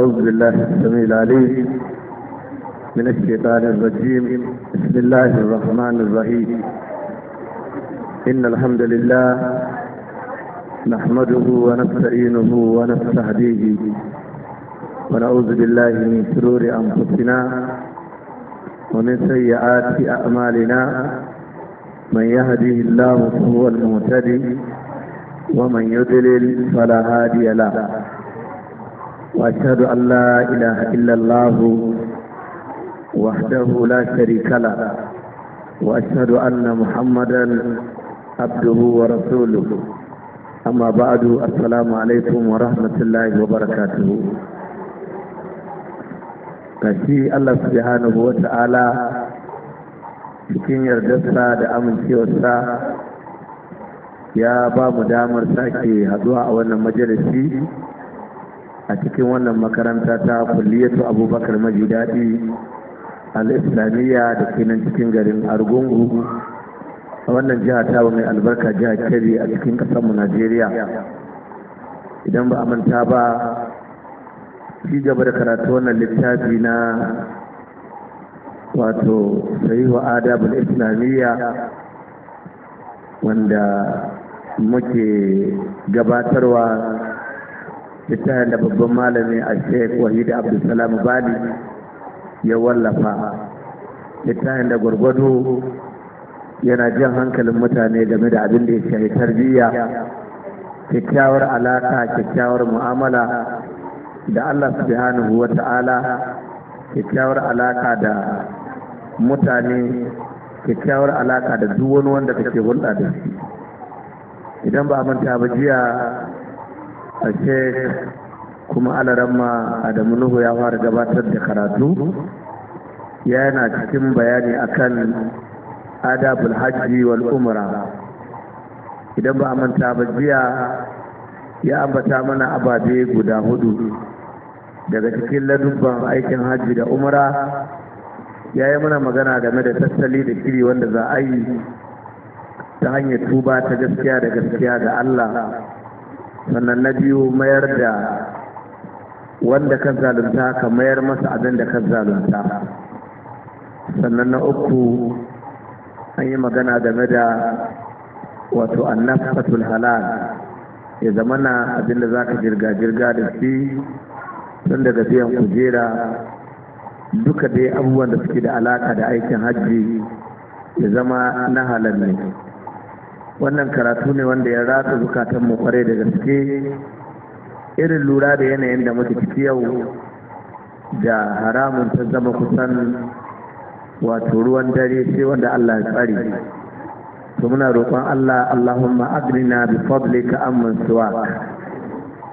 أعوذ بالله السميع العليم من الشيطان الرجيم بسم الله الرحمن الرحيم إن الحمد لله نحمده ونستعينه ونستهديه ونعوذ بالله من شرور أنفسنا ومن سيئات أعمالنا من يهده الله فهو المهتدي ومن يضلل فلا هادي له وأشهد أن لا إله إلا الله وحده لا شريك له وأشهد أن محمدا عبده ورسوله أما بعد السلام عليكم ورحمة الله وبركاته kashi Allah subhanahu wa ta'ala cikin yardarsa da amincewarsa ya ba mu damar sake haduwa a wannan majalisi a cikin wannan makaranta ta kulliyatu abubakar maji daɗi al-islamiyya da ke cikin garin argungu a wannan jiha ta mai albarka jiha kari a cikin ƙasarmu najeriya idan ba a manta ba ci gaba da karatu wannan littafi na wato wa adabul islamiyya wanda muke gabatarwa littafin da babban malami a sheik wahid abdulsalam bali ya wallafa littafin da gwargwado yana jan hankalin mutane game da abin da ya shahi tarbiyya kyakkyawar alaka kyakkyawar mu'amala da allah subhanahu wa ta'ala kyakkyawar alaka da mutane kyakkyawar alaka da duk wani wanda kake hulɗa da shi idan ba manta ba jiya Ashe kuma alaramma adamu nuhu ya fara gabatar da karatu yana cikin bayani akan adabul hajji wal umra idan ba a manta ba jiya ya ambata mana ababe guda hudu daga cikin ladubban aikin hajji da umra ya yi mana magana game da tattali da kiri wanda za a yi ta hanyar tuba ta gaskiya da gaskiya ga Allah sannan na biyu mayar da wanda ka zalunta ka mayar masa abin da ka zalunta sannan na uku an yi magana game da wato annafatul halal ya zamana abin da za ka jirga-jirga da shi tun daga biyan kujera duka dai abubuwan da suke da alaka da aikin hajji ya zama na halal ne wannan karatu ne wanda ya ratsa zukatan mu kware da gaske irin lura da yanayin da muke ciki yau da haramun ta zama kusan wato ruwan dare sai wanda Allah ya tsare to muna roƙon Allah Allahumma agrina bi fadlika amman suwa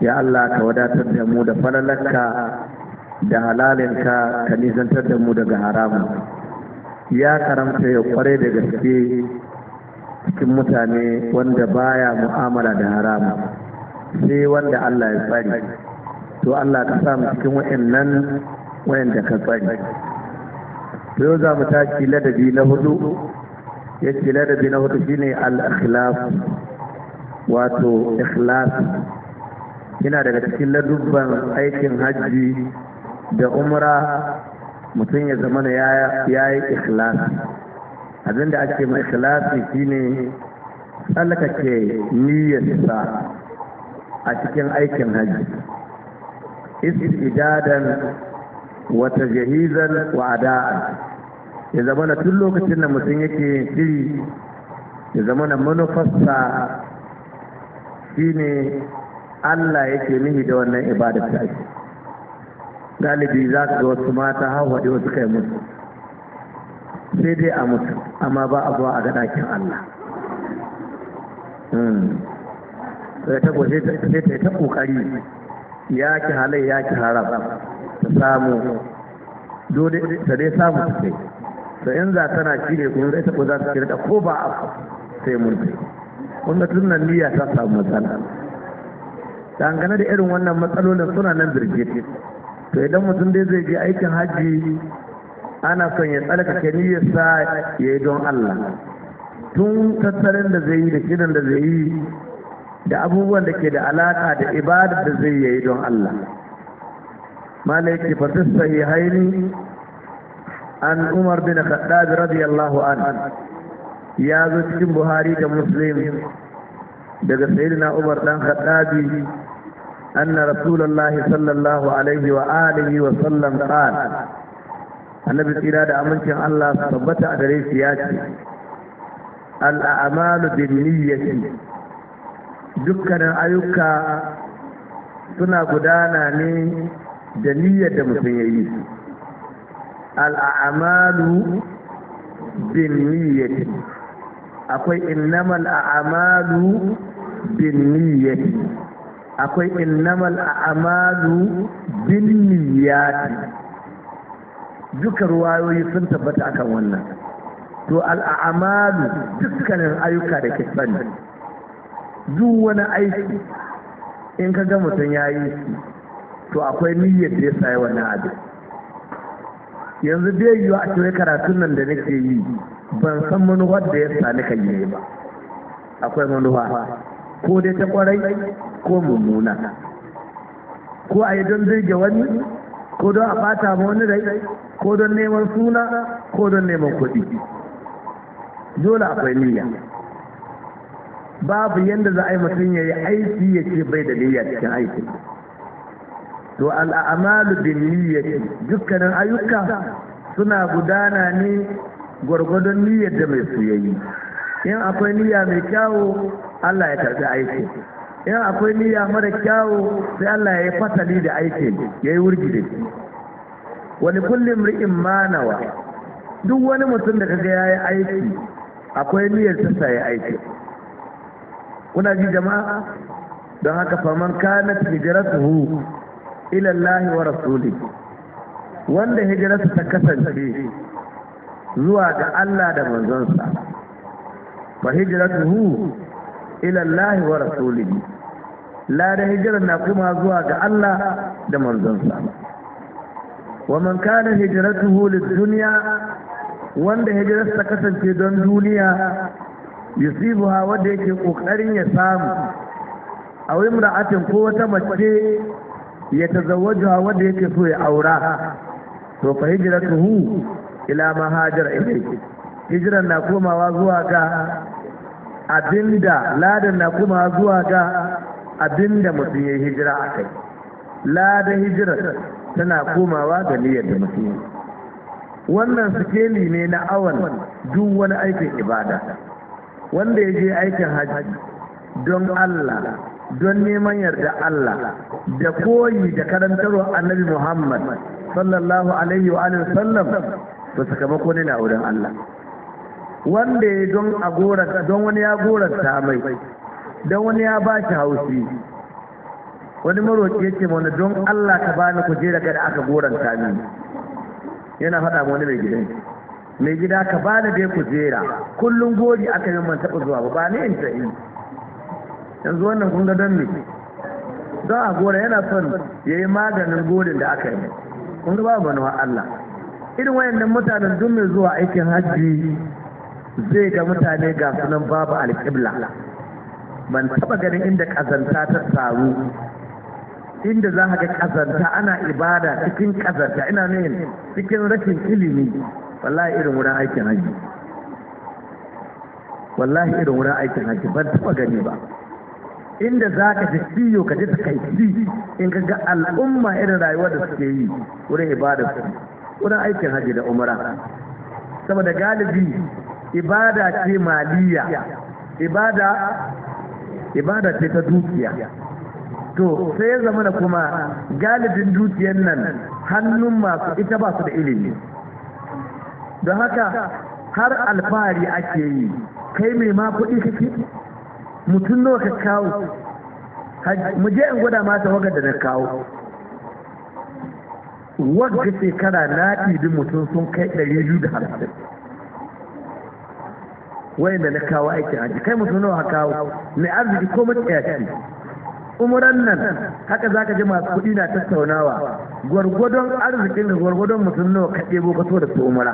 ya Allah ka wadatar da mu da falalarka da halalinka ka nisantar da mu daga haramun ya karamta ya kware da gaske cikin mutane wanda baya mu'amala da harama sai wanda Allah ya tsari to Allah ka samu cikin wa'annan wa'anda ka tsari to yau za mu tashi ladabi na hudu ya ce ladabi na hudu shine al-ikhlas wato ikhlas yana daga cikin ladubban aikin hajji da umra mutum ya zamana ya yi ikhlas da ake mai ikhlasi shine tsallakake niyyarsa a cikin aikin hajji idadan wata jahizar wa ya zama na tun lokacin da mutum yake shiri ya zama na manufarsa shine Allah yake nihi da wannan ibadar ta ake galibi za ka ga wasu mata hawaɗe wasu kai mutu sai dai a mutu amma ba a zuwa a ga ɗakin Allah hmm. sai ta sai ta yi ta ƙoƙari ya ki halai ya ki haram ta samu dole ta dai samu ta sai to in za tana ci ne kuma zai taɓa za ta kira ko ba a sai mun kai wanda nan niyya ta samu matsala dangane da irin wannan matsalolin suna nan birgit to idan mutum dai zai je aikin hajji ana son ya tsarkake niyyarsa ya yi don Allah tun tattalin da zai yi da shirin da zai yi da abubuwan da ke da alaka da ibadar da zai yi don Allah malaki fatis haini an Umar bin Khattab radiyallahu anhu ya zo cikin Buhari da Muslim daga sayyidina Umar dan Khattabi anna Rasulullahi sallallahu alaihi wa alihi wa sallam qala annabi tsira da amincin Allah tabbata a gare shi ya ce al'amalu bin dukkanin ayyuka suna gudana ne da niyyar da mutum ya yi al'amalu bin akwai innamal a'malu bin akwai innamal a'malu bin duka ruwayoyi sun tabbata akan wannan to al'amalu dukkanin ayyuka da ke sani duk wani aiki in ka ga mutum ya yi shi to akwai niyyar da ya sayi wani abu. yanzu dai yi a cikin karatun nan da nake yi ban san manuwar da ya sani kan yi ba akwai manuwa ko dai ta kwarai ko mummuna ko a yi don zirge wani ko don a bata ma wani rai ko don neman suna ko don neman kuɗi dole akwai niyya babu yadda za a yi mutum ya yi aiki ya ce bai da niyya cikin aiki to al'amalu bin niyyati dukkanin ayyuka suna gudana ne gwargwadon niyyar da mai soyayya in akwai niyya mai kyawo Allah ya karbi aiki in akwai niyya mara kyawo sai Allah ya yi fatali da aikin ya yi wurgi da shi wani kullum ri'in manawa duk wani mutum da kaga ya yi aiki akwai niyyar ta ya aiki kuna ji jama'a don haka faman kana hijratuhu ila Allah wa rasuli wanda hijratu ta kasance zuwa ga Allah da manzonsa fa hijratuhu ila Allah wa rasulihi la da na kuma zuwa ga Allah da manzonsa wa man kana hijratuhu lid-dunya wanda hijirarsa kasance don duniya ya yusibuha wanda yake kokarin ya samu a aw imra'atin ko wata mace ya tazawwajuha wanda yake so ya aura to fa hijratuhu ila ma hajara ilayhi hijran na komawa zuwa ga abinda ladan na komawa zuwa ga abinda mutum ya hijira akai ladan hijirar. tana komawa ga niyyar da mutum wannan sikeli ne na awon duk wani aikin ibada wanda ya je aikin hajji don Allah don neman yarda Allah da koyi da karantarwa annabi Muhammad sallallahu alaihi wa alihi sallam to sakamako ne na wurin Allah wanda ya don a don wani ya goranta mai don wani ya ba shi haushi wani maroƙi yake mana don Allah ka bani kujera daga da aka goranta ni yana faɗa wani mai gidan mai gida ka bani dai kujera kullum gori aka yi man taɓa zuwa ba ba ni in ta yi yanzu wannan kun ga don ne don a gora yana son ya yi maganin gorin da aka yi kun ga babu wa Allah irin wayannan mutanen duk mai zuwa aikin hajji zai ga mutane ga sunan babu alƙibla ban taɓa ganin inda ƙazanta ta taru inda za ga kazanta ana ibada cikin kazanta ina nuna cikin rashin ilimi wallahi irin wurin aikin haji wallahi irin wurin aikin haji ban taba gani ba inda za ka ji siyo ka ji takaici in ga al'umma irin rayuwar da suke yi wurin ibada su wurin aikin haji da umara saboda galibi ibada ce maliya ibada ibada ce ta dukiya to sai ya zama kuma galibin dukiyar nan hannun masu ita ba su da ilimi don haka har alfahari ake yi kai mai ma kuɗi kake mutum nawa ka kawo mu je in gwada mata wagar da na kawo wadda shekara na ɗidin mutum sun kai ɗari biyu da hamsin wayanda da na kawo aikin hajji kai mutum nawa ka kawo mai arziki ko matsayaci umuran nan haka zaka ji masu kuɗi na tattaunawa gwargwadon arzikin da gwargwadon mutum nawa ka ɗebo ka so da su umara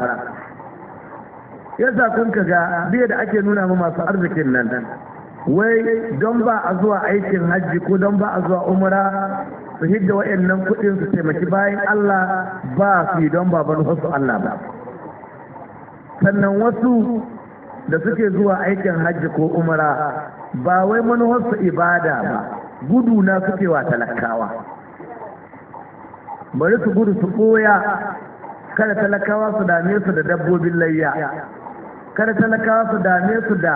yasa kun ka ga biya da ake nuna ma masu arzikin nan wai don ba a zuwa aikin hajji ko don ba a zuwa umara su hidda wa'annan kuɗin su taimaki bayan Allah ba su yi don baban wasu Allah ba sannan wasu da suke zuwa aikin hajji ko umara ba wai manuwarsu ibada ba gudu na suke wa talakawa bari su gudu su koya kada talakawa su dame su da dabbobin layya kada talakawa su dame su da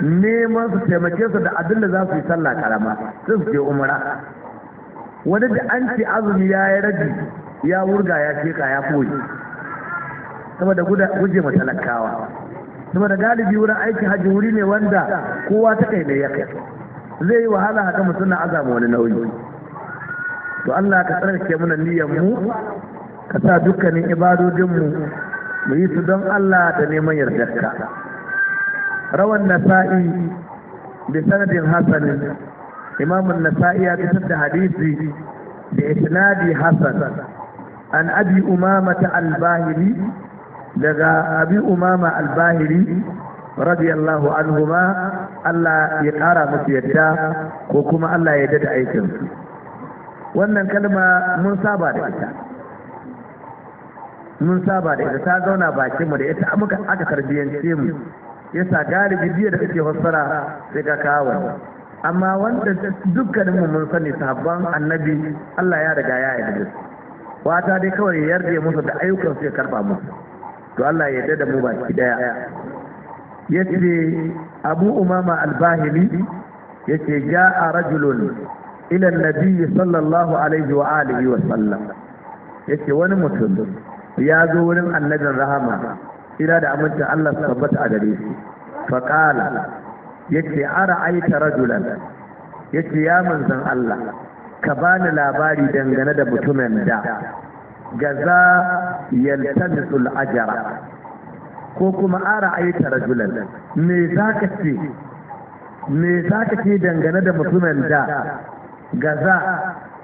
neman su taimake su da abin da za su yi sallah karama sun su umara wani da an ce azumi ya yi raji ya wurga ya sheka ya koyi saboda guje ma talakawa saboda galibi wurin aiki hajji wuri ne wanda kowa ta kai ne ya kai zai yi wahala haka mu suna azama wani nauyi to Allah ka tsarkake mana niyyar mu ka sa dukkanin ibadodin mu mu yi su don Allah ta neman yardarka rawan nasa'i bi sanadin hasan imam nasa'i ya fitar da hadisi da isnadi hasan an abi umama ta al daga abi umama al-bahili radiyallahu anhuma Allah ya ƙara musu yadda ko kuma Allah ya yadda da aikinsu wannan kalma mun saba da ita mun saba da ita ta zauna bakinmu da ita muka aka tarbiyyance mu yasa galibi biyu da suke fassara sai ka kawo amma wanda dukkaninmu mun sani sahabban annabi Allah ya riga ya yarda wata dai kawai yarda musu da ayyukan su ya karba musu to Allah ya yarda da mu baki daya yace abu umama al-bahili yace jaa rajulun ila nabi sallallahu alaihi wa alihi wa sallam yace wani mutum ya zo wurin annabin rahama ila da aminta Allah tabbata a gare shi fa qala yace ara aita rajulan yace ya manzon Allah ka bani labari dangane da mutumin da gaza yaltamisul ajra ko kuma ara aita rajulan me za ka ce me za ka ce dangane da mutumin da gaza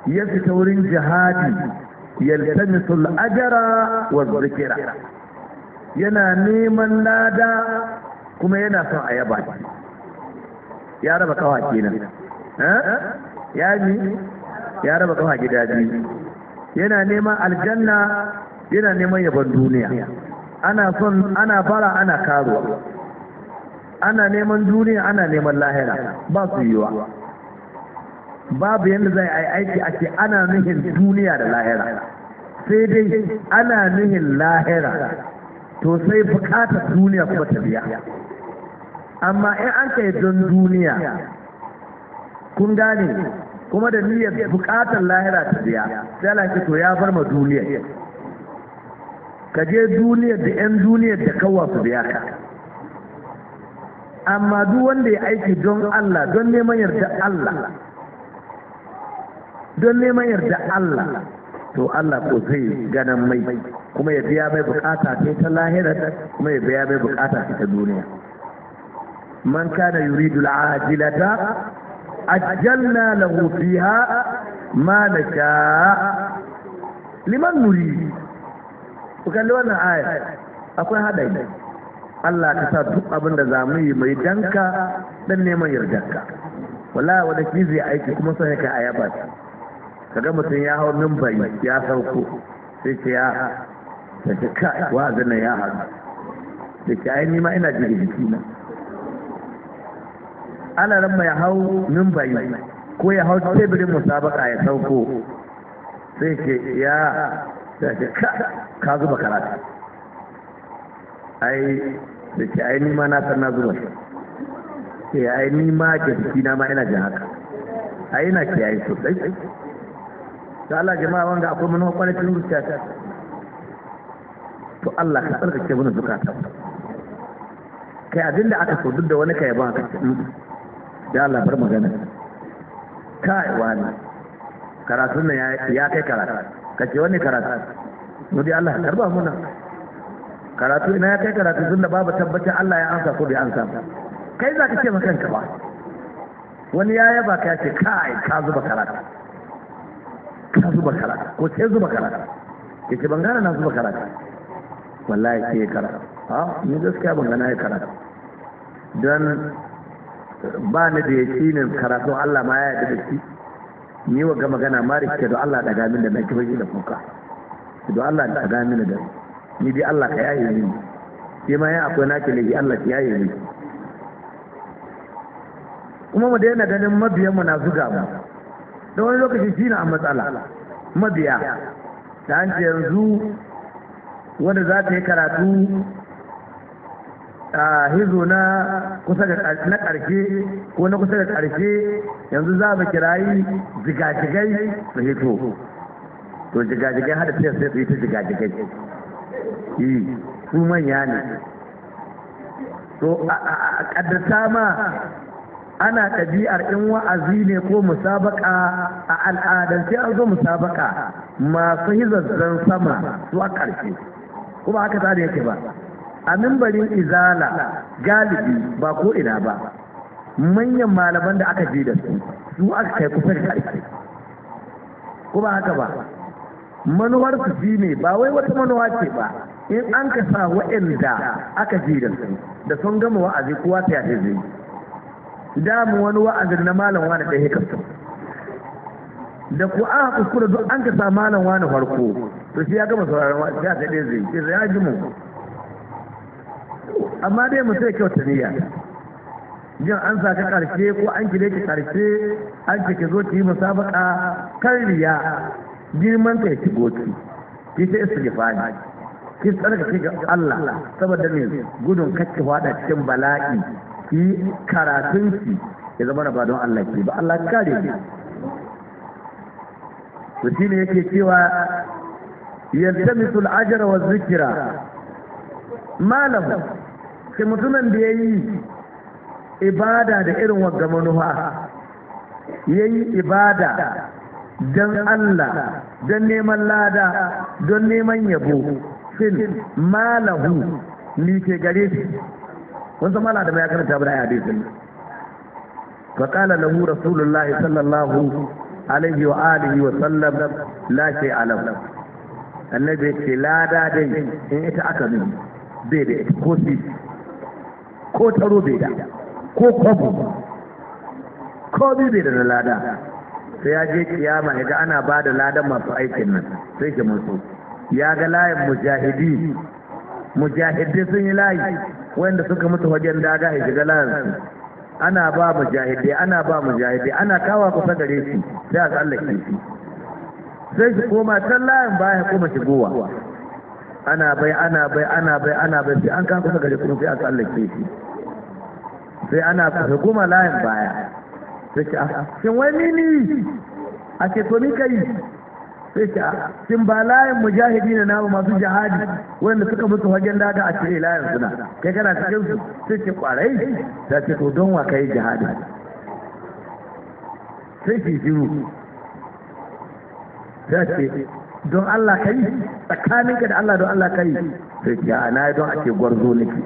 ya fita wurin jihadi sun ajara wa zurkira yana neman lada kuma yana son a yaba ya raba kawa kenan ya ji ya raba kawa gida ji yana neman aljanna yana neman yabon duniya ana son ana fara ana karo, ana neman duniya ana neman lahira ba su yiwa babu yadda zai ai aiki a ce ana nuhin duniya da lahira sai dai ana nuhin lahira to sai bukatar duniya kuma ta biya amma in an kai don duniya kun gane kuma da niyyar bukatar lahira ta biya sai to ya bar ma duniya ka je duniyar da 'yan duniyar da kawwa su biya ka amma duk wanda ya aiki don Allah don neman yarda Allah don neman yarda Allah to Allah ko zai ganin mai kuma ya biya mai bukata ta ta lahirar kuma ya biya mai bukata ta ta duniya man kana yuridu al'ajilata ajjalna lahu fiha ma nasha liman nuridu ku kalli wannan aya akwai haɗari Allah ka sa duk abin da zamu yi mai danka dan neman yardanka wallahi wanda ki zai aiki kuma sai ka aya ba kaga mutum ya hau bai ya sauko sai ce ya ta ce wa wa'azin nan ya haɗu da ke ai nima ina jin jiki na ana ran mai hau bai ko ya hau teburin musabaka ya sauko sai ce ya sai ka zuba karatu ai da ke ai nima na san na zuba shi ke ai nima ke jiki na ma ina jin haka ai ina kiyaye sosai ta Allah jama'a wanga akwai manuwa kwanakin zuciya ta to Allah ka tsarkake mana zukata kai abin da aka so duk da wani kai ba ka ce mm, ya Allah bar magana kai wani karatun nan ya kai karatu kake wani karatu mu dai Allah karba muna karatu ina ya kai karatu tunda babu tabbacin Allah ya amsa ko bai amsa ba kai za ka ce maka kanka ba wani ya yaba ka ce kai ka zuba karatu ka zuba karatu ko sai zuba karatu yace ban gane na zuba karatu wallahi ke karatu ha ni gaskiya ban gane ya karatu dan ba ni da ne karatu Allah ma ya yi da shi ni wa ga magana mari ke da Allah daga min da mai kifaji da kuka da Allah daga min da ni bi Allah ka yaye ni sai ma ya akwai naki ne Allah ka yaye ni kuma mu daina ganin mabiyan mu na zuga mu da wani lokaci shi na matsala mabiya Da hanci yanzu wanda za ta yi karatu a hizo na kusa da na ƙarshe ko na kusa da karfe yanzu za mu kirayi jigajigai su hito to jigajigai hada fiye sai su yi ta jigajigai yi su manya ne to a ƙaddata ma ana ɗabi'ar in wa'azi ne ko musabaka a al'adance an zo musabaka masu hizazzan sama su a ƙarshe kuma haka tsari yake ba a mimbarin izala galibi ba ko ina ba manyan malaman da aka je da su su aka kai kusa da ƙarfi ko ba haka ba manuwar su bi ne ba wai wata manuwa ce ba in an ka sa wa'anda aka je da su da sun gama wa'azi kowa ta yaje zai mu wani wa'azi na malam wani ɗaya hikasta da ku aka kuskura duk an ka sa malam wani farko to shi ya gama sauraron wa'azi ya ta ɗaya zai ya ji mu amma dai mu sai kyauta niyya jin an sa ka karshe ko an gile ki karshe an ce ki zo ki yi musabaka kan riya girman ka ya goci ki sai istighfari ki tsarkake ga Allah saboda ne gudun kacce fada cikin bala'i ki karatun ki ya zama ba don Allah ki ba Allah kare ki to shine yake cewa yaltamisul ajra wa zikra malam shi mutumin da ya yi ibada da irin wagga manufa ya yi ibada don Allah don neman lada don neman yabo shin malahu ni ke gare shi kun mala da mai karanta bada ya lahu sallallahu alaihi wa alihi wa sallam la annabi lada dai in ita aka ko taro bai da ko kwabo komi bai da na lada sai ya je kiyama ya ga ana ba da ladan masu aikin nan sai ke musu ya ga layin mujahidi mujahidi sun yi layi wanda suka mutu wajen daga ya shiga layin ana ba mujahidi ana ba mujahidi ana kawa kusa gare shi sai a tsallake shi sai shi koma can layin baya kuma shigowa ana bai ana bai ana bai ana bai sai an kawo kusa gare kuma sai a tsallake shi sai ana hukuma layin baya sai a, ah, shin wani ni a ce to ni kai sai a, ah, shin ba layin mujahidi na namu masu jihadi wanda suka mutu wajen daga a cire eh, layin suna kai kana cikin su sai ki kwarai ta ce to don wa kai jihadi sai ki jiru ta ce don Allah kai tsakaninka da Allah don Allah kai sai ki a na don ake gwarzo niki.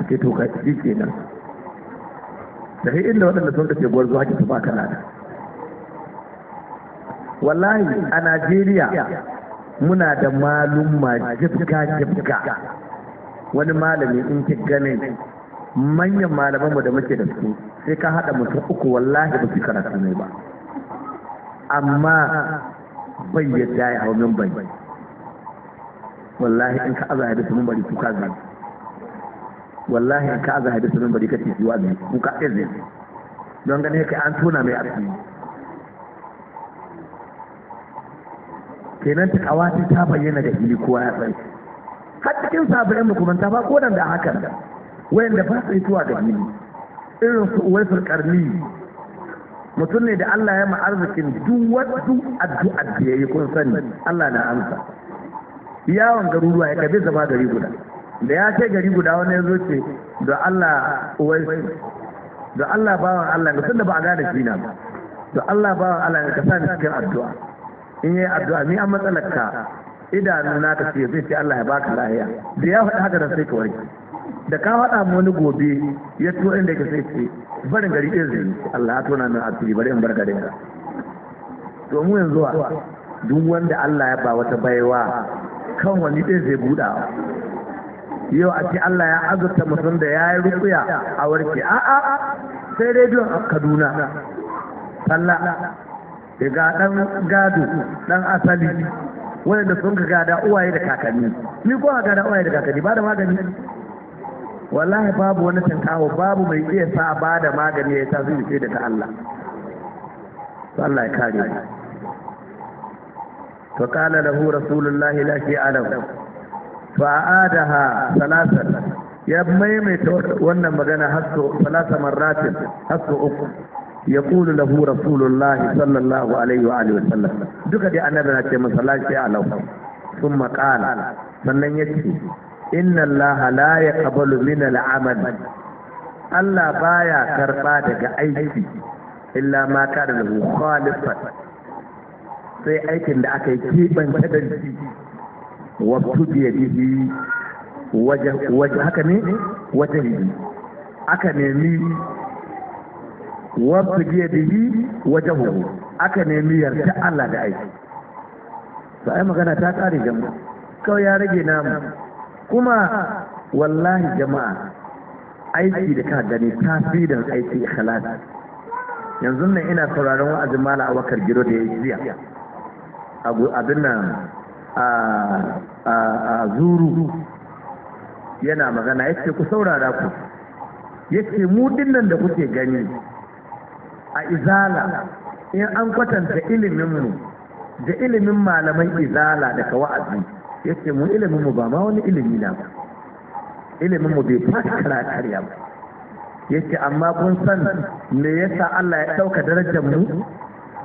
ake to ka ci kenan da sai inda waɗanda sun kace gwarzo haki su ka lada wallahi a Najeriya muna da malumma jibga jibga wani malami in ki ganin manyan malaman mu da muke da su sai ka haɗa mutum uku wallahi ba su karatu ne ba amma bai yadda ya hau min bai wallahi in ka aza ya su mun bari ka zai wallahi an ka aza hadisu min bari ka ce zuwa zai kuka izin don gani ka an tona mai arziki kenan ta kawatin ta bayyana da hili kowa ya tsari har cikin 'yan makamanta ba ko da hakan da wayanda ba su yi zuwa da hili irin su uwai fulkarni mutum ne da Allah ya ma'arzikin duk wasu addu'ar da ya yi kun sani Allah na amsa yawon garuruwa ya kabe zama gari guda da ya ce gari guda wani ya zo ce da Allah wai da Allah bawan Allah ga tunda ba a gane shi na ba da Allah bawan Allah ga kasa ni cikin addu'a in yayi addu'a mi an matsalar ka idanu na ka ce zai ce Allah ya baka lahiya da ya faɗi haka da sai ka warke da ka faɗa mu wani gobe ya tuwo inda ka sai ce barin gari ɗin zai Allah ya tona min asiri bari in bar garin ka to mu yanzu duk wanda Allah ya ba wata baiwa kan wani ɗin zai buɗa yau a ce Allah ya azurta mutum da ya yi rukuya a warke a'a sai rediyon a kaduna talla ga ɗan gado ɗan asali wanda sun ga gada uwaye da kakanni ni ko ga gada uwaye da kakanni ba da magani wallahi babu wani tankawo babu mai iya sa ba da magani ya tasiri sai da ta Allah to Allah ya kare to qala lahu rasulullahi la shi lahu fa'adaha salasan ya maimaita wannan magana salasa marratin hasso uku ya kulu lahu rasulullahi sallallahu alaihi wa alihi wasallam duka dai annabi na ce masa a alau sun maƙala sannan ya ce inna allaha la ya qabalu min al'amal Allah baya karɓa daga aiki illa ma kana lahu khalifat sai aikin da aka yi kibanta da shi wa bihi waje haka ne waje bihi aka nemi wa bihi waje hu aka nemi yarda Allah da aiki to ai magana ta kare jama'a kawai ya rage namu kuma wallahi jama'a aiki da ka gani tasirin aiki ikhlasi yanzu nan ina sauraron wa'azin mala abakar giro da ya yi jiya abin nan a zuru yana magana ya ce ku saurara ku ya ce mu dinnan da kuke gani a izala in an kwatanta iliminmu da ilimin malaman izala daga wa'azi ya ce mu iliminmu ba ma wani ilimi na ba iliminmu bai faskara karya ba ya ce amma kun san me yasa Allah ya ɗauka darajar mu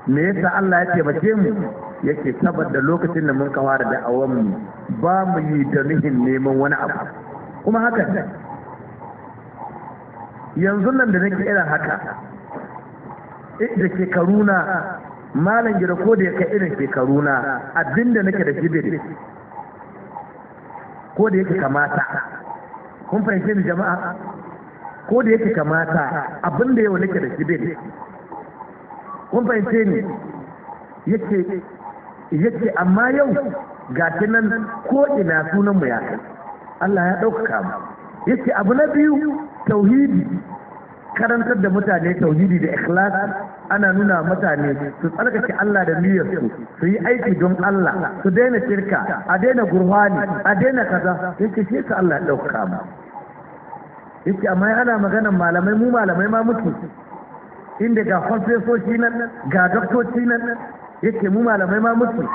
me yasa Allah ya taimake mu yake saboda lokacin da mun kawo da da'awar mu ba mu yi da nihin neman wani abu kuma haka yanzu nan da nake irin haka da shekaruna malam gida ko da ya kai irin shekaruna abinda nake da jibiri ko da yake kamata kun fahimci ni jama'a ko da yake kamata abinda yau nake da jibiri kun fahimce ni yake amma yau ga nan ko ina sunan mu ya kai Allah ya ɗaukaka mu yake abu na biyu tauhidi karantar da mutane tauhidi da ikhlas ana nuna mutane su tsarkake Allah da niyyarsu su yi aiki don Allah su daina shirka a daina gurwani a daina kaza yake shi ka Allah ya ɗaukaka mu yake amma ana maganar malamai mu malamai ma mutu inda ga farfesoshi nan ga doktoci nan yake mu malamai ma mutu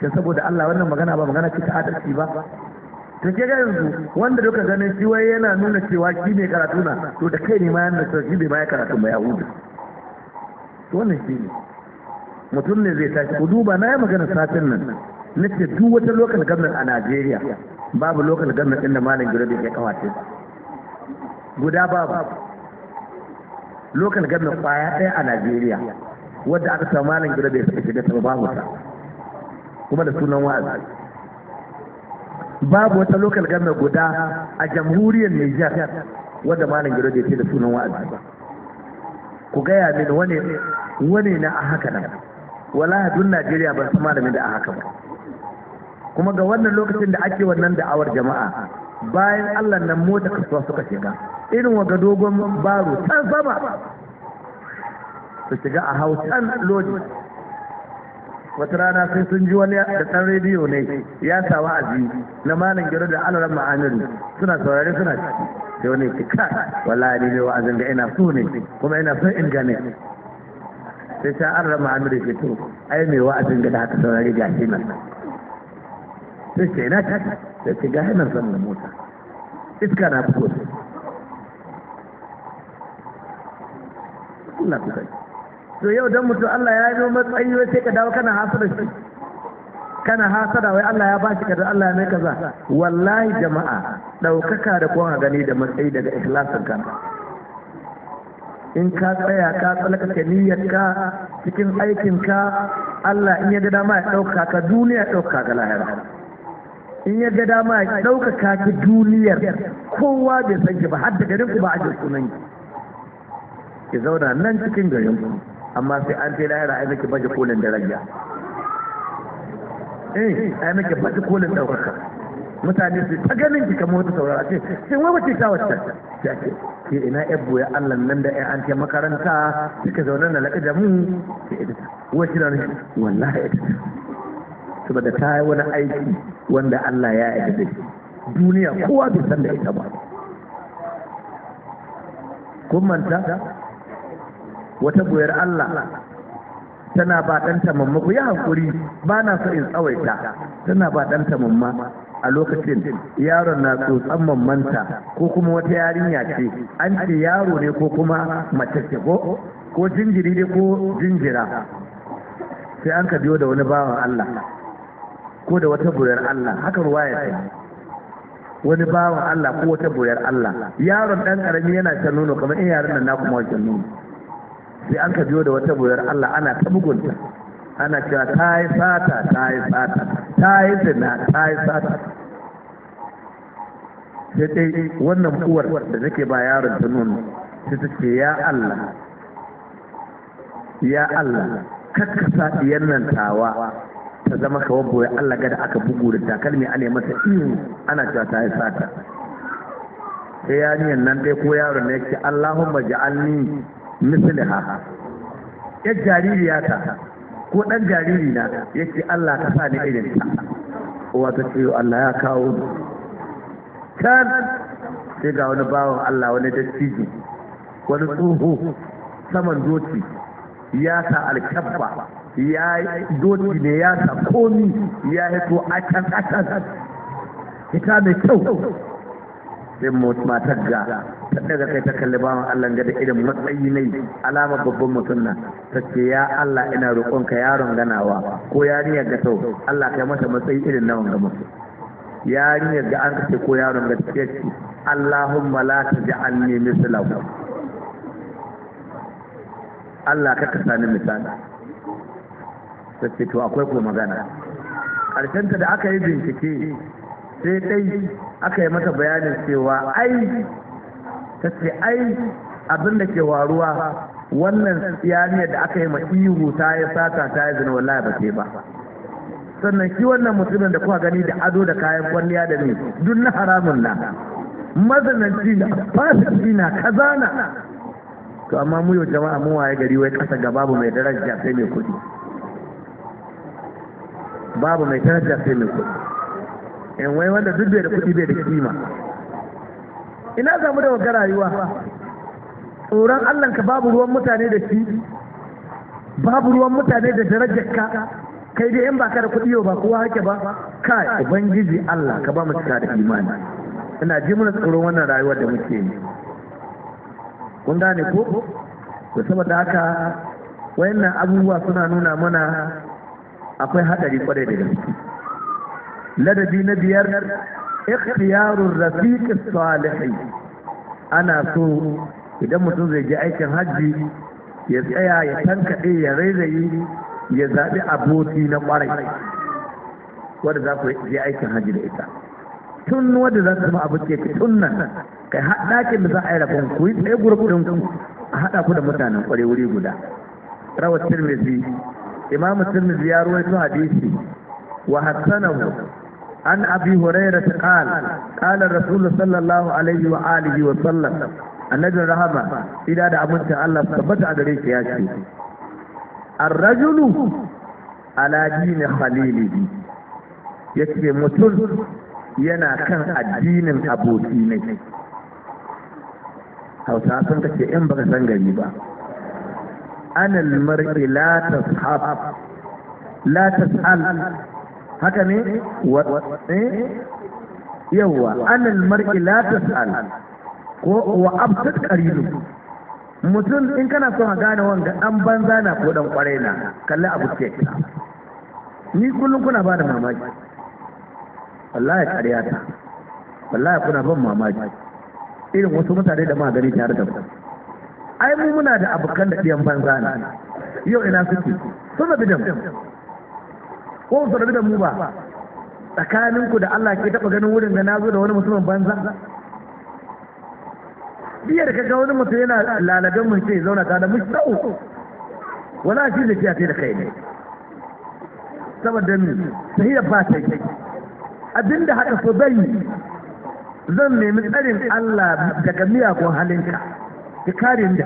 da saboda Allah wannan magana ba magana ce ta adalci ba to ke ga yanzu wanda duka ganin shi wai yana nuna cewa shi ne karatu na to da kai ne ma yana cewa shi bai ma ya karatu ba yahudu to wannan shi ne mutum ne zai tashi ku duba na yi magana satin nan na ce duk wata lokal government a Najeriya babu lokal government din da malam da ya kawace guda babu local government kwaya ɗaya a Najeriya wadda aka samu malam gida bai taɓa shiga ta babu ta kuma da sunan wa'azi babu wata local government guda a jamhuriyar Nijar wadda malam gida bai ya da sunan wa'azi ku gaya mini wane wane na a haka nan wala hadun Najeriya ban san malamin da a haka ba kuma ga wannan lokacin da ake wannan da'awar jama'a bayan Allah nan mota kasuwa suka shiga irin waga dogon baro can sama su shiga a hau can lodi wata rana sai sun ji wani da ɗan rediyo ne ya sawa a wa'azi na malam gero da alaran ma'anar suna saurari suna ciki sai wani ki wala ne ne wa da ina so ne kuma ina son in gane sai ta alaran ma'amiru ke fito ai mai wa'azin da haka saurari shi nan sai ce na ta da ce ga hannun zan mota iska na fito sai Allah ku sai to yau dan mutum Allah ya yi matsayi wai sai ka dawo kana hasara shi kana hasara wai Allah ya ba shi kaza Allah ya mai kaza wallahi jama'a daukaka da kuma gani da matsayi daga ikhlasin ka in ka tsaya ka niyyar ka cikin aikinka Allah in ya ga dama ya ɗauka ka duniya ɗauka ga lahira in ya ga dama ya ɗaukaka ta duniyar kowa bai san ki ba har da garin ku ba a jin sunan ki ki zauna nan cikin garin ku amma sai an sai lahira ai miki baje kolin daraja eh ai miki baje kolin ɗaukaka mutane su ta ganin ki kamar wata saurara ce sai wai wace ta wata ce ke ina ya boye Allah nan da an ce makaranta suka zauna na laƙa da mu ke ita wace na wallahi ita saboda ta yi wani aiki wanda Allah ya yi da duniya kowa bai san da ita ba kun manta wata goyar Allah tana ba ɗanta mamma ku yi hankuri ba na so in tsawaita tana ba ɗanta mamma a lokacin yaron na tsotsan mammanta ko kuma wata yarinya ce an ce yaro ne ko kuma mace ko ko jinjiri ne ko jinjira sai an ka biyo da wani bawan Allah ko da wata buriyar Allah haka ruwaya ta wani bawan Allah ko wata buriyar Allah yaron dan karami yana shan nono kamar in yaron nan naku kuma shan nono sai an ka biyo da wata buriyar Allah ana ta bugunta ana cewa ta yi sata ta yi sata ta yi zina ta yi sata sai dai wannan uwar da nake ba yaron ta nono sai ta ce ya Allah ya Allah kakkasa diyan nan tawa ta zama kawar boye Allah gada aka bugu da takalmi ana masa ihu ana cewa ta yi sata sai yarinyar nan dai ko yaron ne yake ba ja'alni ha ya ya ta ko dan jariri na yake Allah ka sa ni irin ta kowa ta ce Allah ya kawo can sai ga wani bawan Allah wani dattijo wani tsoho saman doki ya sa alkabba ya doki ne ya sa komi ya hito a can a can ita mai kyau sai matar ga ta daga kai ta kalli bawan Allah ga da irin matsayi ne alama babban mutum na ta ce ya Allah ina roƙonka yaron ganawa ko yarinyar ga tau Allah kai masa matsayi irin nawan ga mutum yarinyar ga an kace ko yaron ga ta ce Allahumma la taj'alni mislahu Allah ka kasa ni misali sai to akwai ko magana ta da aka yi bincike sai dai aka yi mata bayanin cewa ai ta ce ai abin da ke waruwa wannan tsiyaniya da aka yi ma ihu ta ya sata ta yi zina wallahi ba ke ba sannan shi wannan mutumin da kuka gani da ado da kayan kwalliya da ne duk na haramun na mazananci na fasiki na kazana to amma mu yau jama'a mu waye gari wai kasa babu mai daraja sai mai kuɗi babu mai daraja sai mai kudi in eh, wai wanda duk bai da kudi bai da kima ina zamu da wagar rayuwa tsoron Allah ka babu ruwan mutane da shi babu ruwan mutane da darajar ka kai dai in ba ka da kudi yau ba kowa hake ba kai ubangiji Allah ka ba mu cika da imani ina ji muna tsoron wannan rayuwar da muke yi kun gane ko to saboda haka wayannan abubuwa suna nuna mana akwai hadari kwarai da gaske ladabi na biyar ikhtiyarur rafiq salih ana so idan mutum zai je aikin hajji ya tsaya ya tankaɗe ya rairayi ya zaɓi aboki na kwarai wanda za ku je aikin hajji da ita tun wanda za su zama aboki ki tun nan kai haɗakin da za a yi rabon ku yi tsaye gurbin ku a haɗa ku da mutanen kwarai wuri guda rawar tirmidhi imam tirmidhi ya rawaito hadisi wa hasanahu an abi hurairah qala qala rasul sallallahu alaihi wa wa sallam annabi rahama ida da abincin Allah tabbata a gare shi ya ce ar-rajulu ala dini khalilihi yake mutum yana kan addinin aboki ne sun kace in baka san gari ba anil mar'i la tashab la tashal haka ne yawwa anil mar'i la tashal ko wa absat qarinu mutum in kana son a gane wanga an banza na ko dan kwarai na kalli abu ce ni kullum kuna ba da mamaki wallahi ƙarya ta wallahi kuna ban mamaki irin wasu mutane da ma gani tare da mu ai mu muna da abokan da ɗiyan banza ne yau ina suke sun da mu ko su rabu da mu ba tsakaninku da Allah ke taɓa ganin wurin na nazo da wani mutumin banza biya da kaga wani mutum yana lalaben mun ce zauna ta da sau, wala shi da kiyaye da kai ne saboda ni sai ya fata yi abinda haka so zan zan nemi tsarin Allah daga miyagun halinka ka kare ni da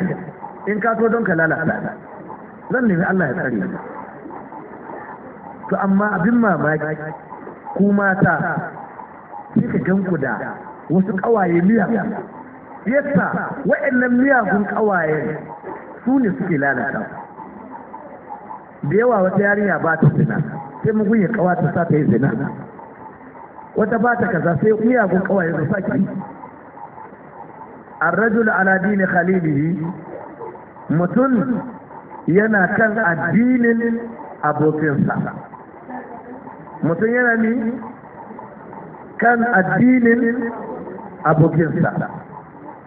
in ka so don ka lalata zan nemi Allah ya tsare ni to amma abin mamaki ku mata sai ka ganku da wasu kawaye miya yasa wa'annan miyagun kawaye su ne suke lalata da yawa wata yarinya ba ta zina sai mugun ya kawata sa ta yi zina wata ba ta kaza sai miyagun kawaye su sa ki ar-rajul ala dini khalilihi mutum yana kan addinin abokinsa mutum yana ni kan addinin abokinsa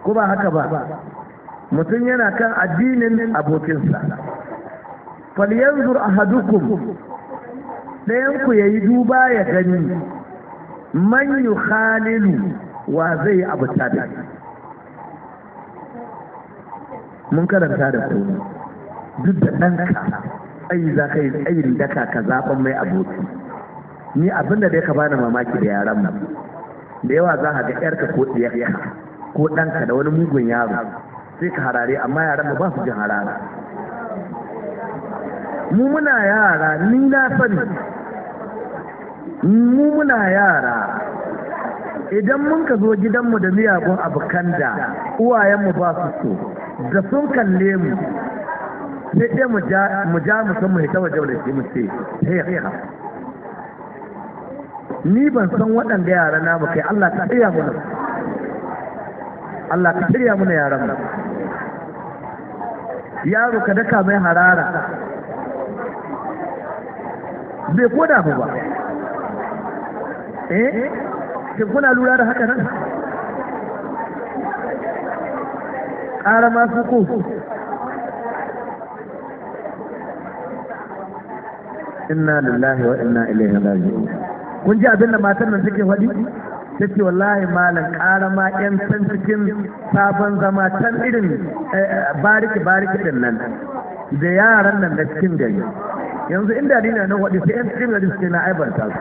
ko ba haka ba mutum yana kan addinin abokinsa falyanzur ahadukum ɗayanku ya yi duba ya gani man yukhalilu wa zai abu tabi mun karanta da ku duk da ɗanka ai za ka yi tsayin daka ka zaɓen mai aboki ni abin da dai ka bani mamaki da yaran nan da yawa za ka ga yarka ko ɗiyarka ko ɗanka da wani mugun yaro sai ka harare amma yaran ba su jin harara mu muna yara ni na sani mu muna yara idan mun ka zo gidanmu da miyagun abu kanda uwayenmu ba su so da sun kalle mu sai dai mu ja mu mu san mu hita waje da ke mu ce ha ni ban san waɗanda yara na kai Allah ka tsaya mu Allah ka tsaya mu yaran mu yaro ka daka mai harara bai koda ba eh kuna lura da haka nan ara masu ku inna lillahi wa inna ilaihi raji'un kun ji abin da matan nan take faɗi ta ce wallahi malam ƙara ma ƴan san cikin sabon zama can irin eh, eh, bariki bariki din nan da yaran nan da cikin gari yanzu inda dina nan waɗi sai ƴan cikin gari suke na aibarta su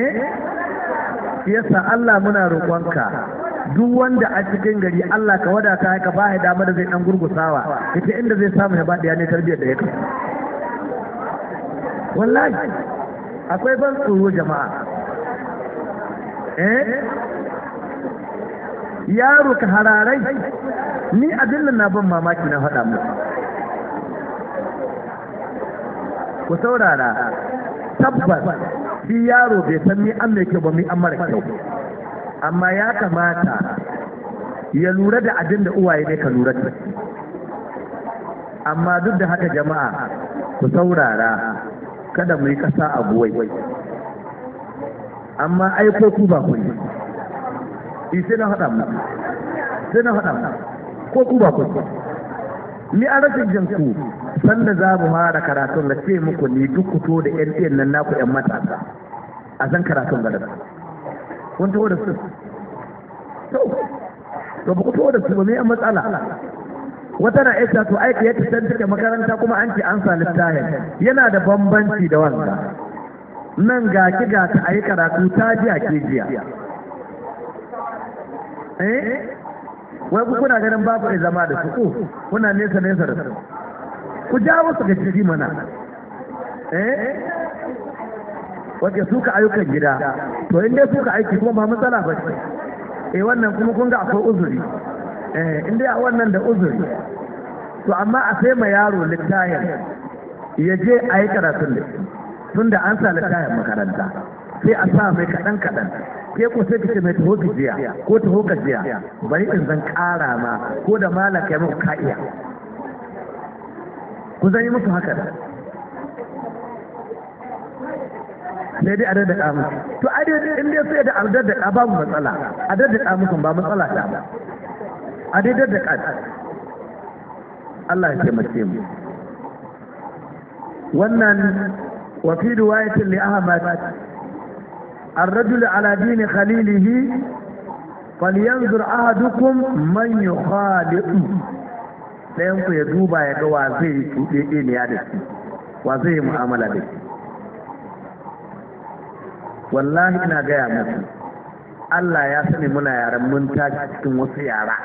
eh yasa Allah muna roƙonka duk wanda a cikin gari Allah ka wadata ka ba ya dama da zai dan gurgusawa yace inda zai samu ya ya ne tarbiyyar da ya kai wallahi akwai ban tsoro jama'a eh yaro ka hararai ni abin na ban mamaki na faɗa mu. ku saurara tabbas shi yaro bai san ni an mai kyau ba mai an mara kyau amma ya kamata ya lura da abin da uwaye ne ka lura da amma duk da haka jama'a ku saurara kada mu yi ƙasa a buwai amma aiko ku ba ku yi sai na haɗa mu sai na haɗa mu ko ku ba ku yi? ni a rashin jin ku sanda za mu mara karatun da ce muku ni duk kuto to da yan nan naku yan matasa a san karatun gadar kun taho da su to ba ku taho da su ba me an matsala wata na ita to aiki yadda san take makaranta kuma an ce an sa littafin yana da bambanci da wanda nan ga ki ga ta ayi karatu ta jiya ke jiya eh wai ku kuna ganin babu ai zama da su ku kuna nesa nesa da su ku jawo su ga jiri mana eh wanda suka ayyukan gida to in dai suka aiki kuma ba matsala ba ce eh wannan kuma kun ga akwai uzuri eh in dai a wannan da uzuri to amma a sai ma yaro littayar ya je a yi karatun da tun da an sa littayar makaranta sai a sa mai kaɗan kaɗan ke ko sai kace mai taho jiya ko taho jiya bari in zan ƙara ma ko da malaka ya muku ka'iya ku zan yi musu haka sai a daddaka musu to a dai in dai sai da a daddaka babu matsala a daddaka musu ba matsala ta ba a dai daddaka Allah ya taimake mu wannan wa fi riwayatin li Ahmad الرجل على دين خليله فلينظر أحدكم من يخالط ɗayan ku ya duba ya ga wa zai tuɗe mu'amala da shi wallahi ina gaya muku Allah ya sani muna yaran mun tashi cikin wasu yara